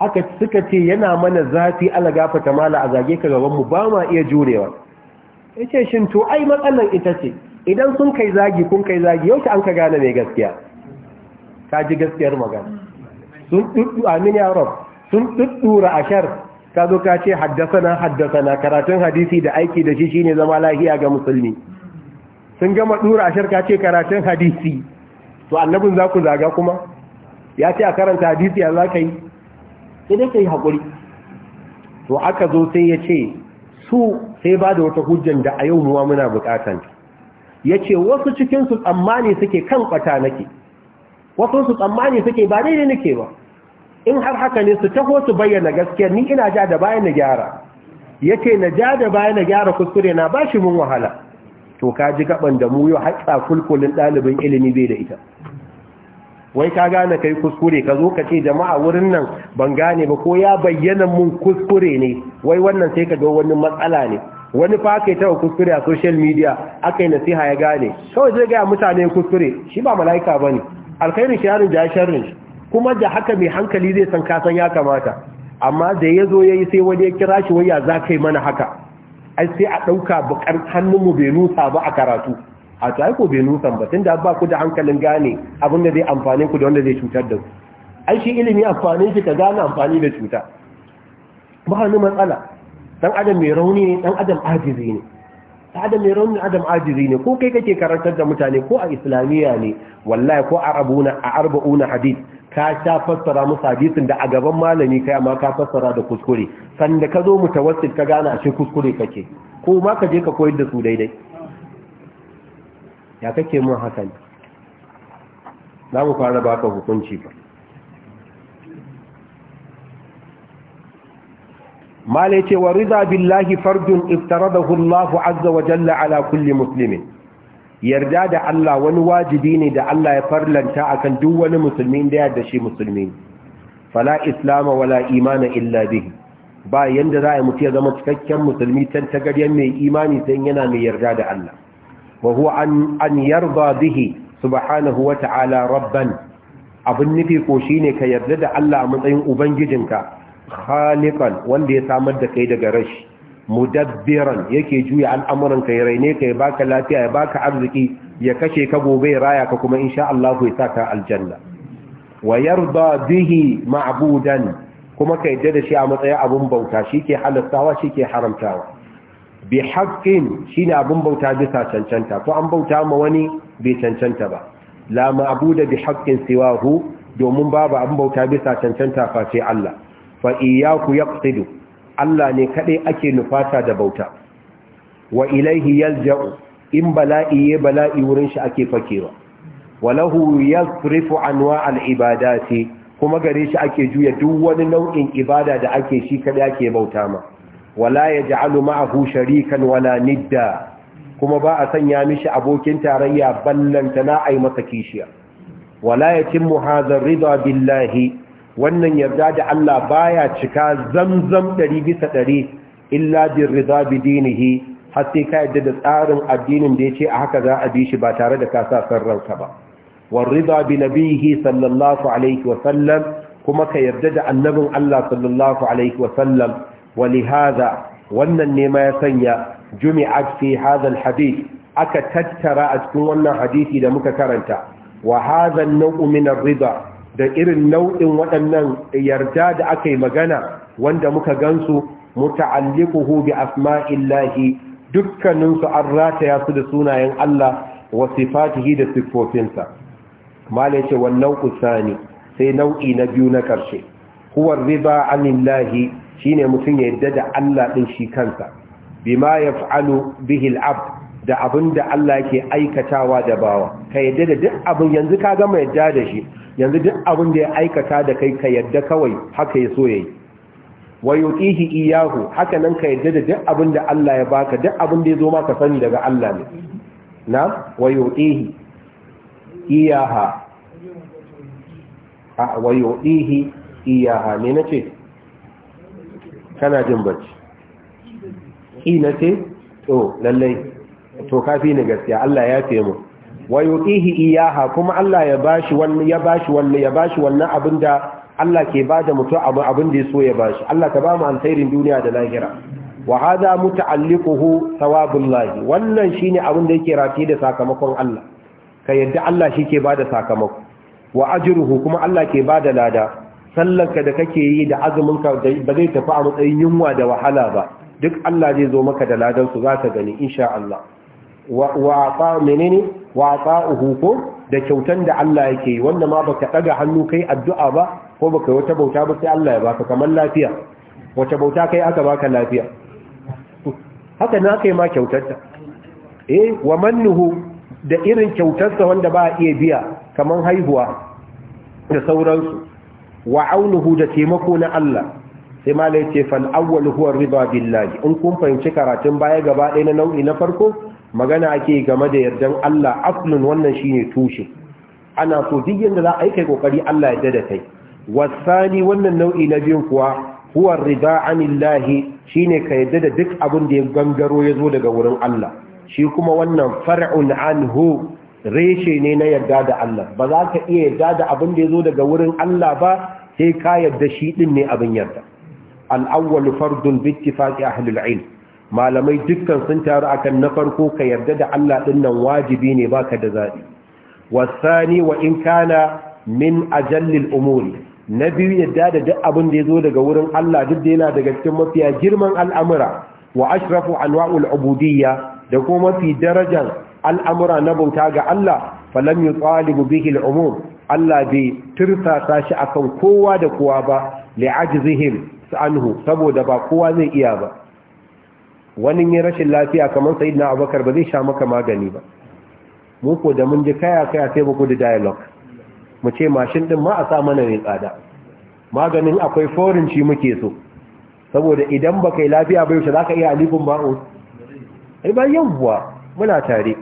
aka suka ce yana mana zafi ala ta mala a zage ka gaban mu ba ma iya jurewa yace shin to ai matsalan ita ce idan sun kai zagi kun kai zagi yaushe an ka gane mai gaskiya ka ji gaskiyar magana sun ɗuɗɗu amin ya rob sun ɗuɗɗura ashar ka zo ka ce haddasana haddasana karatun hadisi da aiki da shi shine zama lahiya ga musulmi sun gama ɗura ashar ka ce karatun hadisi to annabin za ku zaga kuma ya ce a karanta hadisi ya za ka yi sai dai ka yi haƙuri to aka zo sai ya ce su sai ba da wata hujjan da a yau muwa muna buƙatan ya ce wasu cikinsu tsammani suke kan kwata nake wasu su tsammani suke ba daidai nake ba in har haka ne su taho su bayyana gaskiya ni ina ja da baya na gyara yace na ja da baya na gyara kuskure na ba shi mun wahala to ka ji gaban da mu yau hatsa kulkulin ɗalibin ilimi bai da ita wai ka gane kai kuskure ka zo ka ce jama'a wurin nan ban gane ba ko ya bayyana mun kuskure ne wai wannan sai ka ga wani matsala ne wani fa kai ta kuskure a social media akai nasiha ya gane kawai zai gaya mutane kuskure shi ba mala'ika bane alkhairin shi yarin ja sharrin shi kuma da haka mai hankali zai san kasan ya kamata amma da ya zo ya yi sai wani ya kira shi waya za ka yi mana haka ai sai a ɗauka bukar hannunmu bai nusa ba a karatu a tsaye ko bai nusa ba tun da ba ku da hankalin gane abin da zai amfani ku da wanda zai cutar da ku ai shi ilimi amfanin shi ka gane amfani da cuta ba ni matsala dan adam mai rauni ne dan adam ajizi ne adam mai raunin adam ajiri ne ko kai kake karantar da mutane ko a islamiyya ne wallahi ko a arba'una a arba'una hadith ka sha fassara musu hadithin, da a gaban malami kai amma ka fassara da kuskure sanda ka zo mutawassil ka gane a shi kuskure kake ko ma ka je ka koyar da su daidai ya kake mun hakan za mu fara baka hukunci ba mala ce wa rida billahi fardun iftaradahu Allah azza wa jalla ala kulli muslimin yarda da Allah wani wajibi ne da Allah ya farlanta akan duk wani musulmi da shi musulmi fala islama wala imana illa bihi ba yanda za a mutu ya zama cikakken musulmi tan tagaryen mai imani sai yana mai yarda da Allah wa huwa an an yarda bihi subhanahu wa ta'ala rabban abin nufi ko shine ka yarda da Allah a matsayin ubangijinka khaliqan wanda ya samar da kai daga rashi mudabbiran yake juya al'amuran kai raine ka ya baka lafiya ya baka arziki ya kashe ka gobe ya raya ka kuma insha Allah ya saka aljanna wa yarda bihi ma'budan kuma ka da shi a matsayin abun bauta shike halastawa shike haramtawa bi haqqin shine abun bauta bisa cancanta ko an bauta ma wani bai cancanta ba la ma'buda bi haqqin siwahu domin babu abun bauta bisa cancanta face Allah fa iyyaku yaqsidu Allah ne kadai ake nufata da bauta wa ilaihi yalja'u in bala'i ya bala'i wurin shi ake fakewa walahu yasrifu anwa al-ibadati kuma gare shi ake juya duk wani nau'in ibada da ake shi kadai ake bauta ma wala yaj'alu ma'ahu sharikan wala nidda kuma ba a sanya mishi abokin tarayya ballanta na ai masa kishiya wala yatimmu hadha ar-ridha billahi wannan yarda da Allah baya cika zamzam ɗari bisa ɗari illa bin rida bi dinihi har sai ka yadda da tsarin addinin da ya ce a haka za a bi shi ba tare da kasa san ranka ba war rida bi nabihi sallallahu alaihi wa sallam kuma ka yarda da annabin Allah sallallahu alaihi wa sallam wa hada wannan ne ma ya sanya jumi'at fi hadha alhadith aka tattara a cikin wannan hadisi da muka karanta wa hadha an min da irin nau'in waɗannan yarda da aka yi magana wanda muka gansu muta'alliquhu bi asma'illahi dukkanin an rataya su da sunayen Allah wa sifatihi da siffofinsa mala yace wannan Sani sai nau'i na biyu na ƙarshe. huwa riba anillahi shine mutum ya yadda da Allah din shi kansa bima yaf'alu bihi al-abd da abin da Allah ke aikatawa da bawa ka yadda da duk abin yanzu ka gama yadda da shi yanzu duk abin da ya aikata da kai ka yadda kawai haka ya so yayi wa yuqihi iyahu haka nan ka yadda da duk abin da Allah ya baka duk abin da ya zo maka sani daga Allah ne na wa yuqihi iyaha a wa yuqihi iyaha ne ce kana jin bacci na ce to lallai to kafi ni gaskiya Allah ya fe mu wa iyaha kuma Allah ya bashi wannan ya bashi ya bashi wannan abinda Allah ke bada mutu abu abin da ya bashi Allah ta ba mu alkhairin duniya da lahira wa hada muta'alliquhu thawabullahi wannan shine abin da yake rafi da sakamakon Allah ka yadda Allah shike bada sakamako wa ajruhu kuma Allah ke bada lada sallanka da kake yi da ka ba zai tafi a matsayin yunwa da wahala ba duk Allah zai zo maka da ladansu za ka gani insha Allah wa menene wa ta'uhu ko da kyautan da Allah yake yi wanda ma baka daga hannu kai addu'a ba ko baka yi wata bauta ba sai Allah ya baka kamar lafiya wata bauta kai aka baka lafiya haka na kai ma kyautarta eh wa mannuhu da irin kyautarsa wanda ba a iya biya kamar haihuwa da sauransu wa aunuhu da taimako na Allah sai ma lai ce fal awwal huwa riba billahi in kun fahimci karatun baya gaba ɗaya na nau'i na farko magana ake game da yardan Allah aslun wannan shine tushe ana so duk yanda za a yi kai kokari Allah ya da kai wasani wannan nau'i na biyun kuwa huwa rida anillahi shine ka yadda da duk abin da ya gangaro ya zo daga wurin Allah shi kuma wannan far'un anhu reshe ne na yarda da Allah ba za ka iya yarda da abin da ya zo daga wurin Allah ba sai ka yarda shi din ne abin yarda al-awwal fardun bi ittifaqi ahli al-ilm malamai dukkan sun taru akan na farko ka yarda da Allah din nan wajibi ne baka da zabi wasani wa in kana min ajallil umuri na biyu yadda da duk abin da yazo daga wurin Allah duk da yana daga cikin mafiya girman al'amura wa ashrafu anwa'ul ubudiyya da kuma mafi darajan al'amura na bauta ga Allah falam yutalibu bihi al'umur Allah bai tirsasa shi akan kowa da kowa ba li'ajzihim anhu saboda ba kowa zai iya ba wani yin rashin lafiya kamar sayid na abokar ba zai sha maka magani ba Mu ko da mun ji kaya kaya sai muku da dialogue mu ce mashin din ma a sa mana mai tsada maganin akwai forin shi muke so saboda idan ba kai lafiya ba yaushe za ka iya alifin ba'o ai ba yawwa muna tare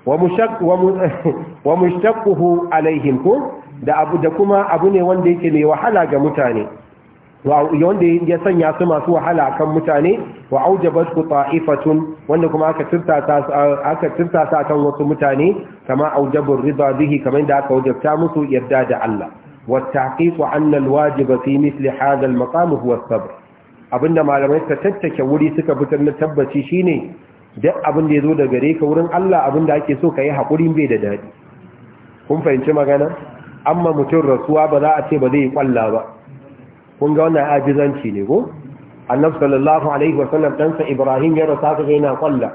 wa mushtaquhu alaihim ko da abu da kuma abu ne wanda yake mai wahala ga mutane wanda ya sanya su masu wahala akan mutane wa aujabat ku ta'ifatun wanda kuma aka tirtasa aka tirtasa akan wasu mutane kama aujabur ridha bihi kamar da aka wajabta musu yarda da Allah wa tahqiqu anna alwajib fi mithli hadha almaqam huwa as-sabr abinda malamai ta tattake wuri suka fitar na tabbaci shine duk abin da yazo daga gare ka wurin Allah abinda ake so kai hakuri bai da dadi kun fahimci magana amma mutum rasuwa ba za a ce ba zai kwalla ba kun ga wannan ajizanci ne ko annabi sallallahu alaihi wasallam dan sa ibrahim ya rasa ka yana kwalla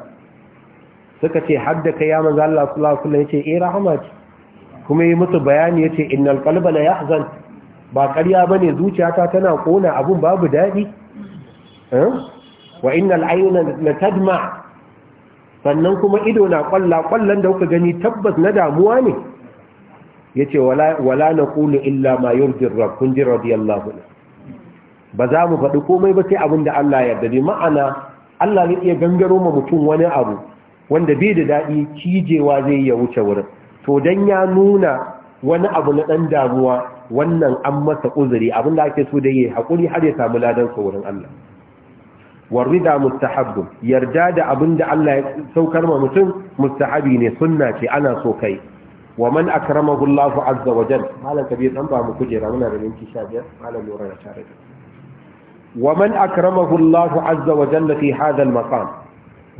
suka ce hadda kai ya manzo Allah sallallahu alaihi wasallam yace eh rahmat kuma yi musu bayani yace innal qalba la yahzan ba ƙarya bane zuciyata tana kona abun babu dadi eh wa innal ayna la tadma sannan kuma ido na kwalla kwallan da kuka gani tabbas na damuwa ne yace wala wala naqulu illa ma yurdi rabb kun ji radiyallahu anhu ba za mu faɗi komai ba sai abin da Allah ya yarda ma'ana Allah ne iya gangaro ma mutum wani abu wanda bai da daɗi cijewa zai ya wuce wurin to dan ya nuna wani abu na ɗan damuwa wannan an masa uzuri abin da ake so da yi haƙuri har ya samu ladan sa wurin Allah warida mustahabbu yarda da abin da Allah ya saukar ma mutum mustahabi ne sunna ce ana so kai wa man akramahu Allahu azza wa jalla malam kabir dan ba mu kujera muna da minti 15 malam lura da tare da wa man akramahu Allah azza wa jalla fi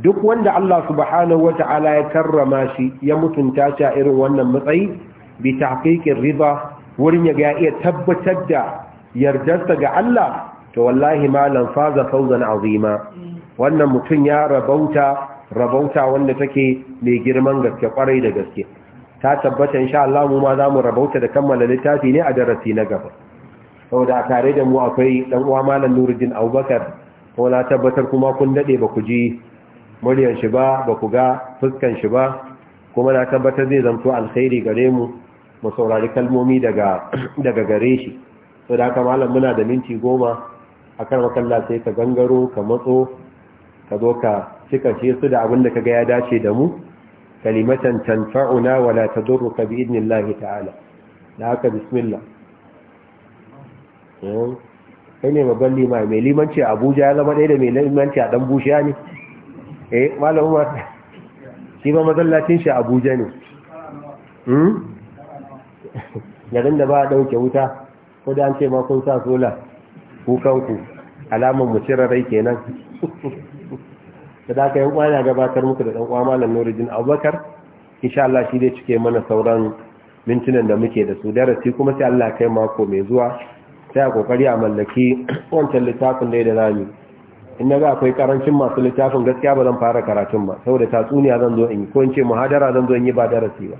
duk wanda Allah subhanahu wa ta'ala ya karrama shi ya mutunta shi a irin wannan matsayi bi tahqiqir riba wurin ya ga iya tabbatar da yardarsa ga Allah to wallahi malam faza fawzan azima wannan mutum ya rabauta rabauta wanda take mai girman gaske kwarai da gaske ta tabbata insha Allah mu ma zamu rabauta da kammala littafi ne a darasi na gaba saboda a tare da mu akwai dan uwa malam Nuruddin Abubakar ko na tabbatar kuma kun daɗe ba ku ji muryan shi ba ba ku ga fuskan shi ba kuma na tabbatar zai zamto alkhairi gare mu mu saurari kalmomi daga gare shi saboda haka malam muna da minti goma akan makalla sai ka gangaro ka matso ka zo ka cika ce su da abin da ka ga ya dace da mu kalimatan tanfa'una wala tadurruka bi idnillahi ta'ala da haka bismillah Hmm? kai ne babban lima mai limanci a abuja ya zama ɗaya da mai limanci a ɗan bushiya ne eh malam umar shi ba masallacin shi a abuja ne hmm? garin da ba a ɗauke wuta ko da an ce ma kun sa sola kukanku alamun mu cire rai kenan da da aka yi kwana gabatar muku da ɗan malam Norijin abubakar insha Allah shi dai cike mana sauran mintunan da muke da su darasi kuma sai Allah kai mako mai zuwa sai a kokari a mallaki wancan littafin dai da zami in na ga akwai karancin masu littafin gaskiya ba zan fara karatun ba saboda tatsuniya zan zo in yi ko in ce muhadara zan zo in yi ba darasi ba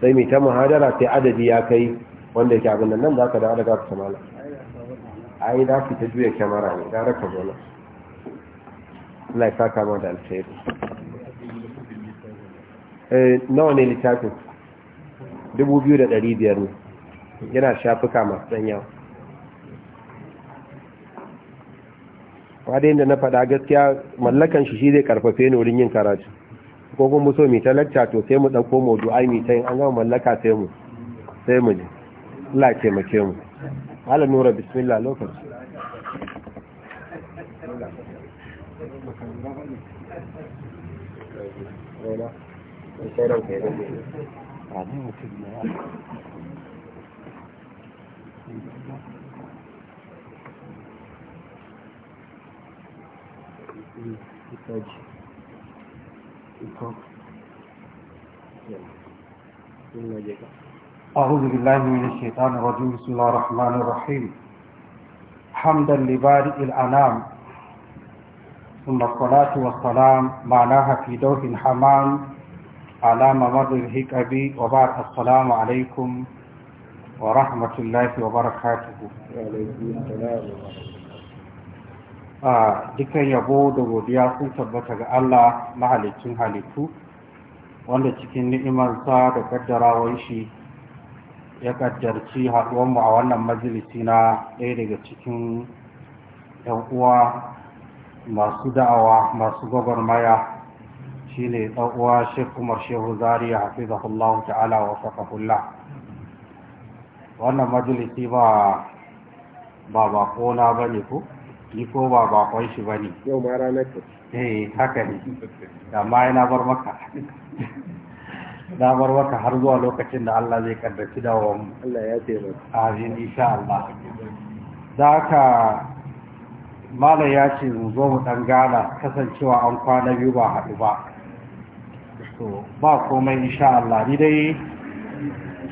sai mai ta muhadara sai adadi ya kai wanda ke abin nan za ka da adaga ku samala ai za ki ta juya kyamara ne gara ka zo nan Allah ya saka ma da alheri eh, nawa ne littafin biyar ne yana shafuka masu danyawa fada da yadda na faɗa gaskiya mallakan shi shi zai karfafe ni wurin yin karatu ko kuma so mu ta lacca to sai mu ɗauko mu du'a mu ta yin an gama mallaka sai mu sai mu ji Allah ya taimake mu ala nura bismillah lokaci Thank you.
أعوذ بالله من الشيطان الرجيم بسم الله الرحمن الرحيم حمدا لبارئ الأنام ثم الصلاة والسلام معناها في دوح حمام على ممر الهكب وبعد السلام عليكم ورحمة الله وبركاته وعليكم السلام ورحمة الله a dukkan yabo da godiya sun tabbata ga Allah mahalicin halittu wanda cikin ni'imarsa da kaddarawar shi ya kaddarci haɗuwanmu a wannan majalisi na ɗaya daga cikin ‘yan uwa masu da'awa masu gwagwarmaya shi ne uwa shek umar shehu zariya hafizahullahu ta'ala wa faƙahullah wannan majalisi ba ba ba na ba ne ku? ni ko ba kwai shi ba ne yau ma ranar ka eh haka ne amma yana bar maka na bar maka har zuwa lokacin da Allah zai kaddaci da wa Allah ya ce insha Allah da ka mala ya ce zo mu dan gana kasancewa an kwana biyu ba haɗu ba to ba komai insha Allah ni dai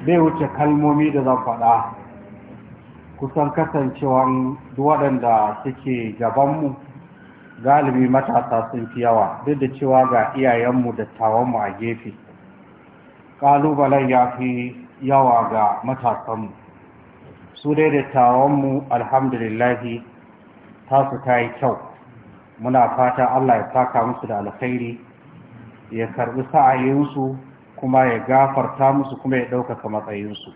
bai wuce kalmomi da zan faɗa kusan kasancewan waɗanda suke gabanmu galibi matasa sun fi yawa duk da cewa ga iyayenmu da tawanmu a gefe ƙalubalen ya fi yawa ga matasanmu su dai da tawanmu alhamdulillahi tasu ta yi kyau muna fata allah ya saka musu da alkhairi ya karɓi sa'ayinsu kuma ya gafarta musu kuma ya ɗaukaka matsayinsu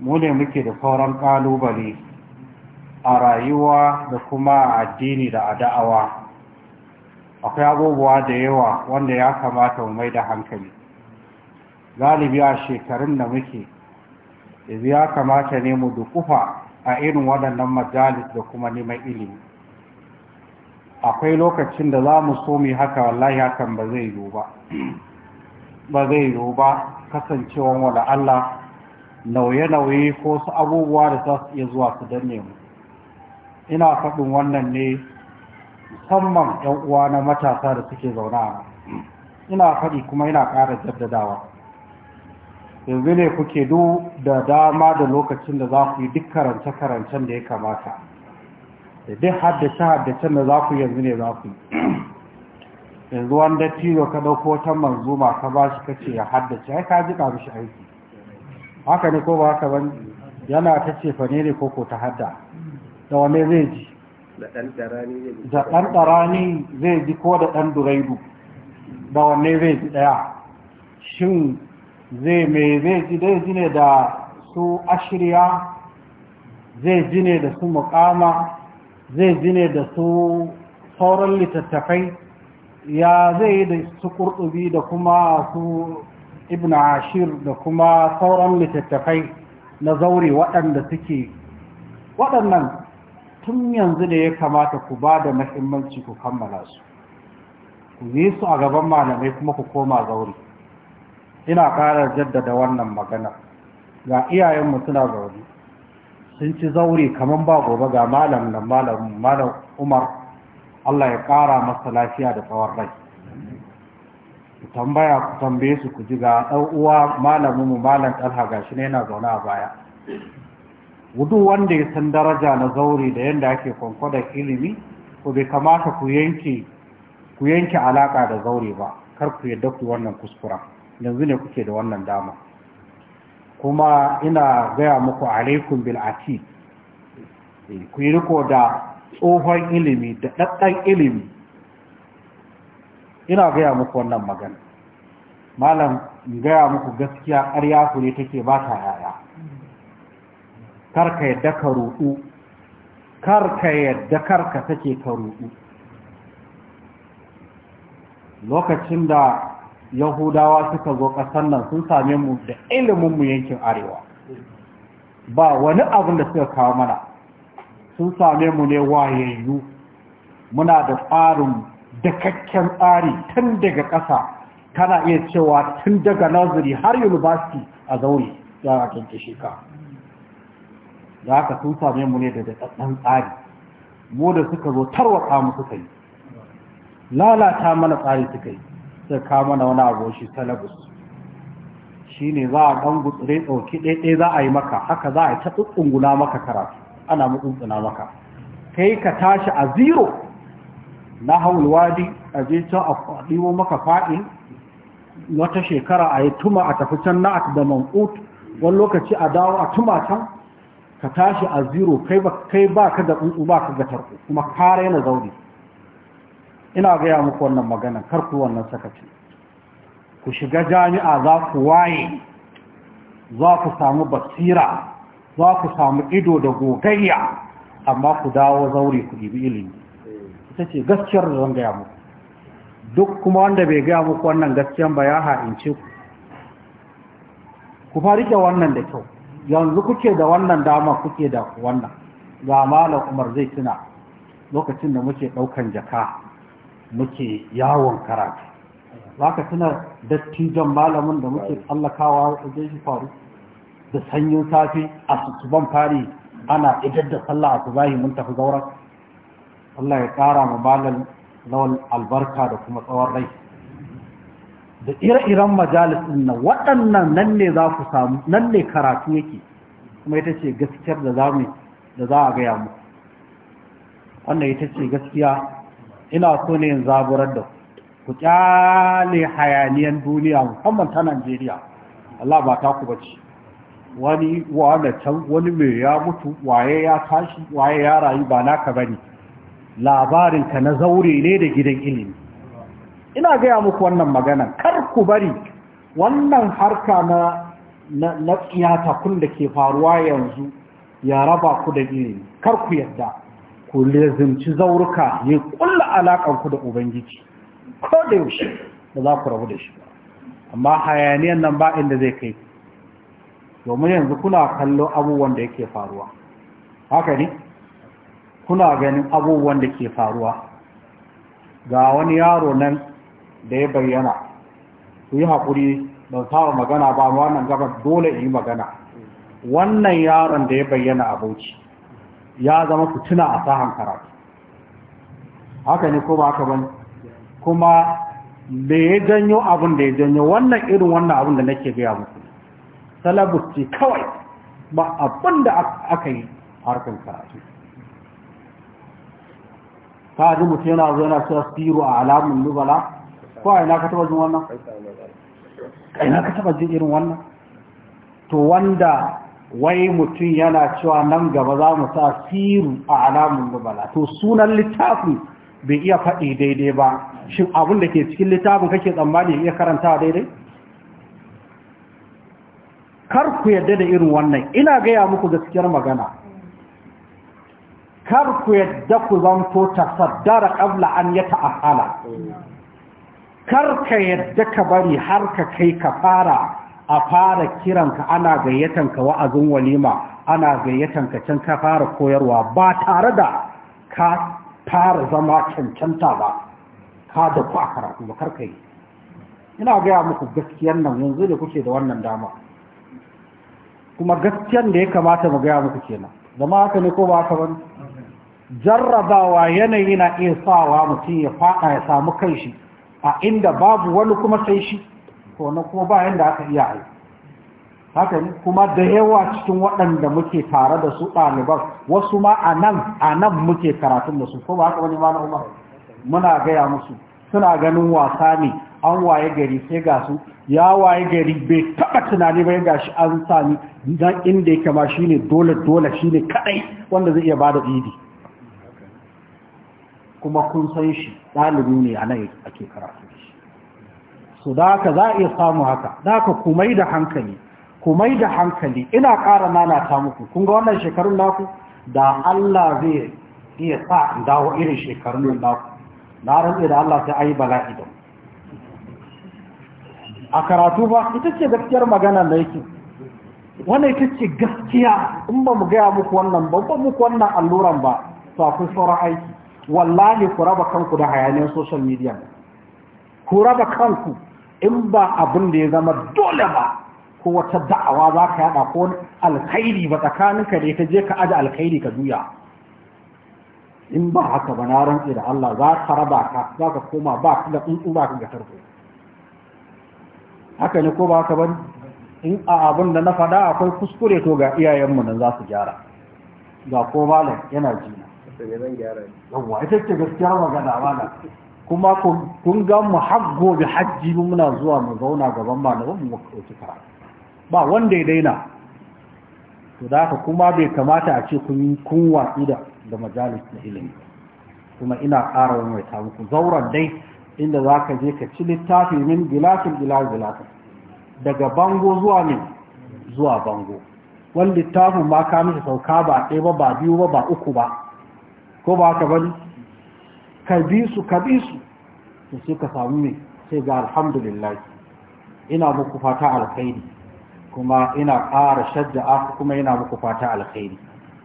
mu ne muke da sauran ƙalubale a rayuwa da kuma addini da a da'awa akwai abubuwa da yawa wanda ya kamata mu mai da hankali galibi a shekarun da muke yanzu ya kamata ne mu dukufa a irin waɗannan majalis da kuma neman ilimi akwai lokacin da za mu so mu haka wallahi hakan ba zai yiwu ba ba zai yiwu ba kasancewan wala Allah nauye-nauye ko su abubuwa da za su iya zuwa su danne mu ina faɗin wannan ne musamman 'yan uwa na matasa da suke zauna ina faɗi kuma ina ƙara jaddadawa yanzu ne kuke du da dama da lokacin da za ku yi duk karance-karancen da ya kamata da duk haddace-haddacen da za ku yanzu ne za ku yanzu wanda tilo ka ɗauko ta manzuma ka ba shi kace ya haddace ai ka ji mishi aiki haka ne ko ba haka ba yana ta ce fane ne ko ko ta hadda da wane zai ji
da ɗan
ɗarani zai ji ko da ɗan duraibu da wanne zai ji ɗaya shin zai mai zai ji dai ji ne da su ashirya zai ji ne da su mukama zai ji ne da su sauran littattafai ya zai yi da su kurɗubi da kuma su ibn ashir da kuma sauran littattafai na zaure waɗanda suke waɗannan tun yanzu da ya kamata ku ba da mahimmanci ku kammala su ku yi su a gaban malamai kuma ku koma zauri ina ƙara jaddada wannan magana ga iyayenmu suna zauri sun ci zaure kamar ba gobe ga malam nan malam umar Allah ya ƙara masa lafiya da tsawon rai ku tambaya ku tambaye su ku ji ga ɗan uwa malamin mu malam talha gashi ne yana zaune a baya wudu wanda ya san daraja na zauri da yadda ake kwankwadar ilimi ko bai kamata ku yanke ku yanke alaka da zaure ba kar ku yadda ku wannan kuskura yanzu ne kuke da wannan dama kuma ina gaya muku alaikum bil ati eh, ku yi riko da tsohon ilimi da ɗaɗɗan ilimi ina gaya muku wannan magana malam gaya muku gaskiya ƙarya ku ne take ba ta yaya karka yadda ka ruɗu karka yadda karka take ka ruɗu lokacin da yahudawa suka zo ƙasar nan sun same mu da iliminmu yankin arewa ba wani abin da suka kawo mana sun same mu ne wayayyu muna da tsarin da kakken tsari tun daga ƙasa kana iya cewa tun daga nazari har university a zaune. ya a kyanke ka da aka sun same mu ne daga ɗan tsari mu suka zo tarwata mu suka yi lalata mana tsari suka yi sai ka mana wani abu shi talabus shi ne za a ɗan gutsure ɗauki ɗaiɗai za a yi maka haka za a yi ta gula maka karatu ana mutsuntsuna maka kai ka tashi a ziro. na hawul wadi a je can a ɗiwo maka faɗi wata shekara a yi tuma a tafi can na'at da man'ut wani lokaci a dawo a tuma can ka tashi a zero kai ba ka da tsuntsu ba ka ga tarko kuma kare na zaune ina gaya muku wannan magana karku wannan sakaci ku shiga jami'a za ku waye za ku samu basira za ku samu ido da gogayya amma ku dawo zaure ku ɗibi ilimi ita ce gaskiyar da zan gaya muku duk kuma wanda bai gaya muku wannan gaskiyar ba ya ha'ince ku ku farike wannan da kyau yanzu kuke da wannan dama kuke da wannan ga malam umar zai tuna lokacin da muke ɗaukan jaka muke yawon karatu za ka tuna dattijan malamin da muke tsallakawa a shi faru da sanyin safi a ban fari ana idar da sallah a tubahi mun tafi gauran Allah ya ƙara ma malam lawan albarka da kuma tsawon rai da ire-iren majalis ɗin waɗannan nan ne za ku samu nan ne karatu yake kuma ita ce gaskiyar da za mu da za a gaya mu wannan ita ce gaskiya ina so ne yin zaburar da ku kyale hayaniyan duniya musamman ta Najeriya Allah ba ta ku bace wani can wani mai ya mutu waye ya tashi waye ya rayu ba naka bane labarinka na zaure ne da gidan ilimi ina gaya muku wannan magana kar ku bari wannan harka na na tsiyata kun da ke faruwa yanzu ya raba ku da ilimi kar ku yadda ku lazimci zauruka ya kulla alaƙar ku da ubangiji ko da yaushe da za ku rabu da shi amma hayaniyan nan ba inda zai kai domin yanzu kuna kallo abubuwan da yake faruwa haka ne kuna ganin abubuwan da ke faruwa ga wani yaro nan da ya bayyana ku yi haƙuri ban sawa magana ba wannan gaba dole yi magana wannan yaron da ya bayyana a Bauchi ya zama tuna a sahan karatu haka ne ko ba haka bane kuma da ya janyo abin da ya janyo wannan irin wannan abin da nake gaya muku salabuci kawai ba abin da aka yi harkar karatu ka ji mutum yana zo yana cewa siru a alamun lubala, ko a ina ka taba jin wannan a ina ka taba jin irin wannan to wanda wai mutum yana cewa nan gaba za mu sa firu a alamun lubala, to sunan littafin bai iya faɗi daidai ba shi abin da ke cikin littafin kake tsammani iya karanta daidai kar ku yarda da irin wannan ina gaya muku gaskiyar magana kar ku yadda ku zanto tasaddara qabla an ta'ala kar ka yadda ka bari har ka kai ka fara a fara kiranka ana gayyatanka wa'azin walima ana gayyatanka can ka fara koyarwa ba tare da ka fara zama cancanta ba ka da ku a karatu ba kar ka yi ina gaya muku gaskiyar nan yanzu da kuke da wannan dama kuma gaskiyar da ya kamata mu gaya muku kenan zama haka ne ko ba haka bane jarrabawa yanayi na iya sawa mutum ya faɗa ya samu kan shi a inda babu wani kuma sai shi ko na kuma ba yanda aka iya yi haka kuma da yawa cikin waɗanda muke tare da su ɗaliban wasu ma a nan a nan muke karatun da su ko ba haka wani ma na umar muna gaya musu suna ganin wasa ne an waye gari sai ga su ya waye gari bai taɓa tunani bai ga shi an sami dan inda ya kama shi ne dole dole shi ne kaɗai wanda zai iya bada da idi kuma kun san shi ɗalibi ne a nan ake karatu shi su da ka za a iya samu haka da ka kumai da hankali kumai da hankali ina ƙara ta muku kun ga wannan shekarun naku da Allah zai iya sa in dawo irin shekarun naku na rantsi da Allah sai ayi bala'i da a karatu ba ita ce gaskiyar magana da yake wannan ita ce gaskiya in ba mu gaya muku wannan ba ba muku wannan alluran ba to akwai sauran aiki wallahi ku raba kanku da hayanin social media ku raba kanku in ba abin da ya zama dole ba ko wata da'awa za ka yada ko alkhairi ba tsakaninka da ita, je ka aji alkhairi ka juya in ba haka ba na rantse da Allah za ka raba ka za ka koma ba ka da tsuntsu ba ka ga tarko haka ne ko ba haka bane in a abin da na faɗa akwai kuskure to ga iyayenmu nan za su gyara ga ko malam yana jina
zan gyara ita
ce gaskiyar magana mana kuma kun ga mu haggo bi hajji muna zuwa mu zauna gaban malaman mu ɗauki karatu ba wanda ya daina to da haka kuma bai kamata a ce kun yi kun watsi da da majalis na ilimi kuma ina ƙara wani mai tamu ku zauren dai inda za ka je ka ci littafi min gilasin ila gilasin daga bango zuwa ne zuwa bango wani littafin ba ka mishi sauka ba ɗaya ba ba biyu ba ba uku ba ko ba ka bane ka bi su ka bi su sai ka samu ne sai ga alhamdulillah ina muku fata alkhairi kuma ina ƙara shajja'a. kuma ina muku fata alkhairi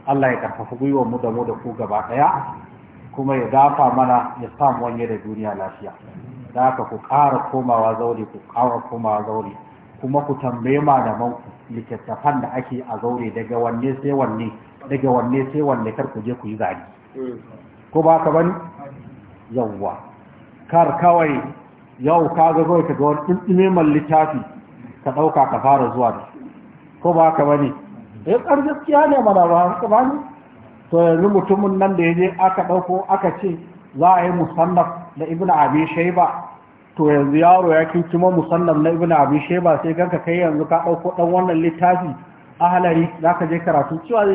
Allah ya karfafa gwiwar mu da mu da ku gaba daya kuma ya dafa mana ya sa mu wanye da duniya lafiya da ka ku ƙara komawa zaure ku ƙara komawa zaure kuma ku tambaye malaman ku littattafan da ake a zaure daga wanne sai wanne daga wanne sai wanne kar ku je ku yi zari ko ba ka bani yawwa kar kawai yau ka ga kawai ka ga wani littafi ka ɗauka ka fara zuwa da ko ba ka bani Eh kar gaskiya ne mana ba ka bani to yanzu mutumin nan da ya je aka ɗauko aka ce za a yi musannaf da ibn abi shayba to yanzu yaro ya kinci ma musannaf na ibn abi shaiba sai ganka kai yanzu ka ɗauko ɗan wannan littafi ahlari za ka je karatu cewa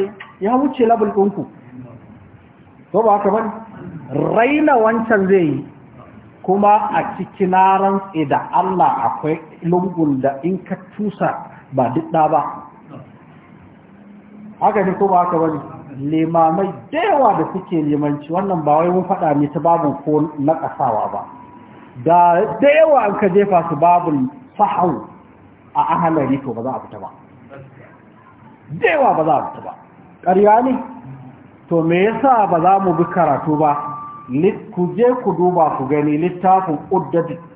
ya wuce labul ɗinku ko ba haka bani raina wancan zai yi kuma a cikin rantse da Allah akwai lungun da in ka tusa ba didda ba haka ne ko ba haka bani limamai da yawa da suke limanci wannan ba wai mun faɗa ne ta babu ko na kasawa ba da da yawa an ka jefa su babun sahau a ahalari to ba za a fita ba da yawa ba za a fita ba ƙarya ne to me yasa ba za mu bi karatu ba ku je ku duba ku gani littafin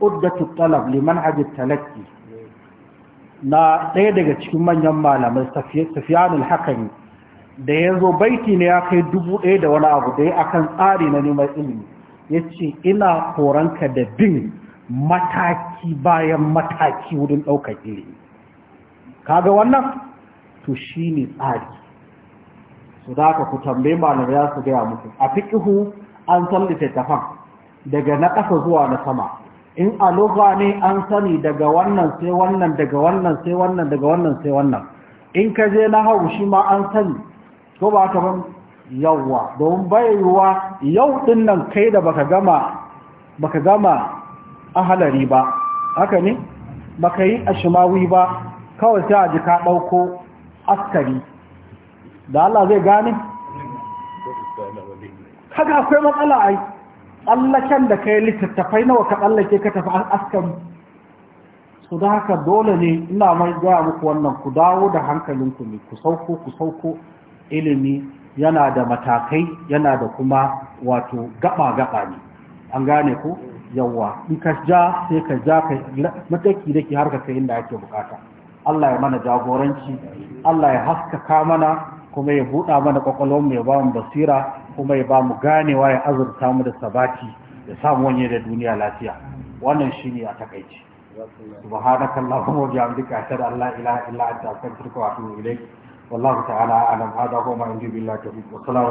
uddatu talab liman hajji talaki na ɗaya daga cikin manyan malamai safiyanul hakan da ya baiti ne ya kai dubu ɗaya da wani abu da ya akan tsari na neman ilimi ya ce ina koranka da bin mataki bayan mataki wurin ɗaukar ilimi kaga wannan to shi ne tsari su da ku tambayi malamai za su gaya muku a fiƙihu an san littattafan daga na ƙasa zuwa na sama in a lugha ne an sani daga wannan sai wannan daga wannan sai wannan daga wannan sai wannan in ka je na hau shi ma an sani ko ba ka ban yawwa domin bayarwa yau din nan kai da baka gama baka gama ba haka ne baka yi ashimawi ba kawai sai a ji ka ɗauko askari da Allah zai gane Haka akwai matsala ai tsallaken da kai littattafai nawa ka tsallake ka tafi askan su da haka dole ne ina mai gaya muku wannan ku dawo da hankalinku ne ku sauko ku sauko ilimi yana da matakai yana da kuma wato gaba-gaba ne an gane ku yawa in ka ja sai ka ja ka mataki da ke harka kai inda ake bukata Allah ya mana jagoranci Allah ya haskaka mana kuma ya buɗa mana mu ya ba mu basira kuma ya ba mu ganewa ya azurta mu da sabati ya samu wani da duniya lafiya wannan shi ne a takaici subhanaka allahumma wa bihamdika ashhadu an la ilaha illa anta astaghfiruka wa atubu ilayk wallahu ta'ala a'lam huwa ma indi billahi tawfiq wa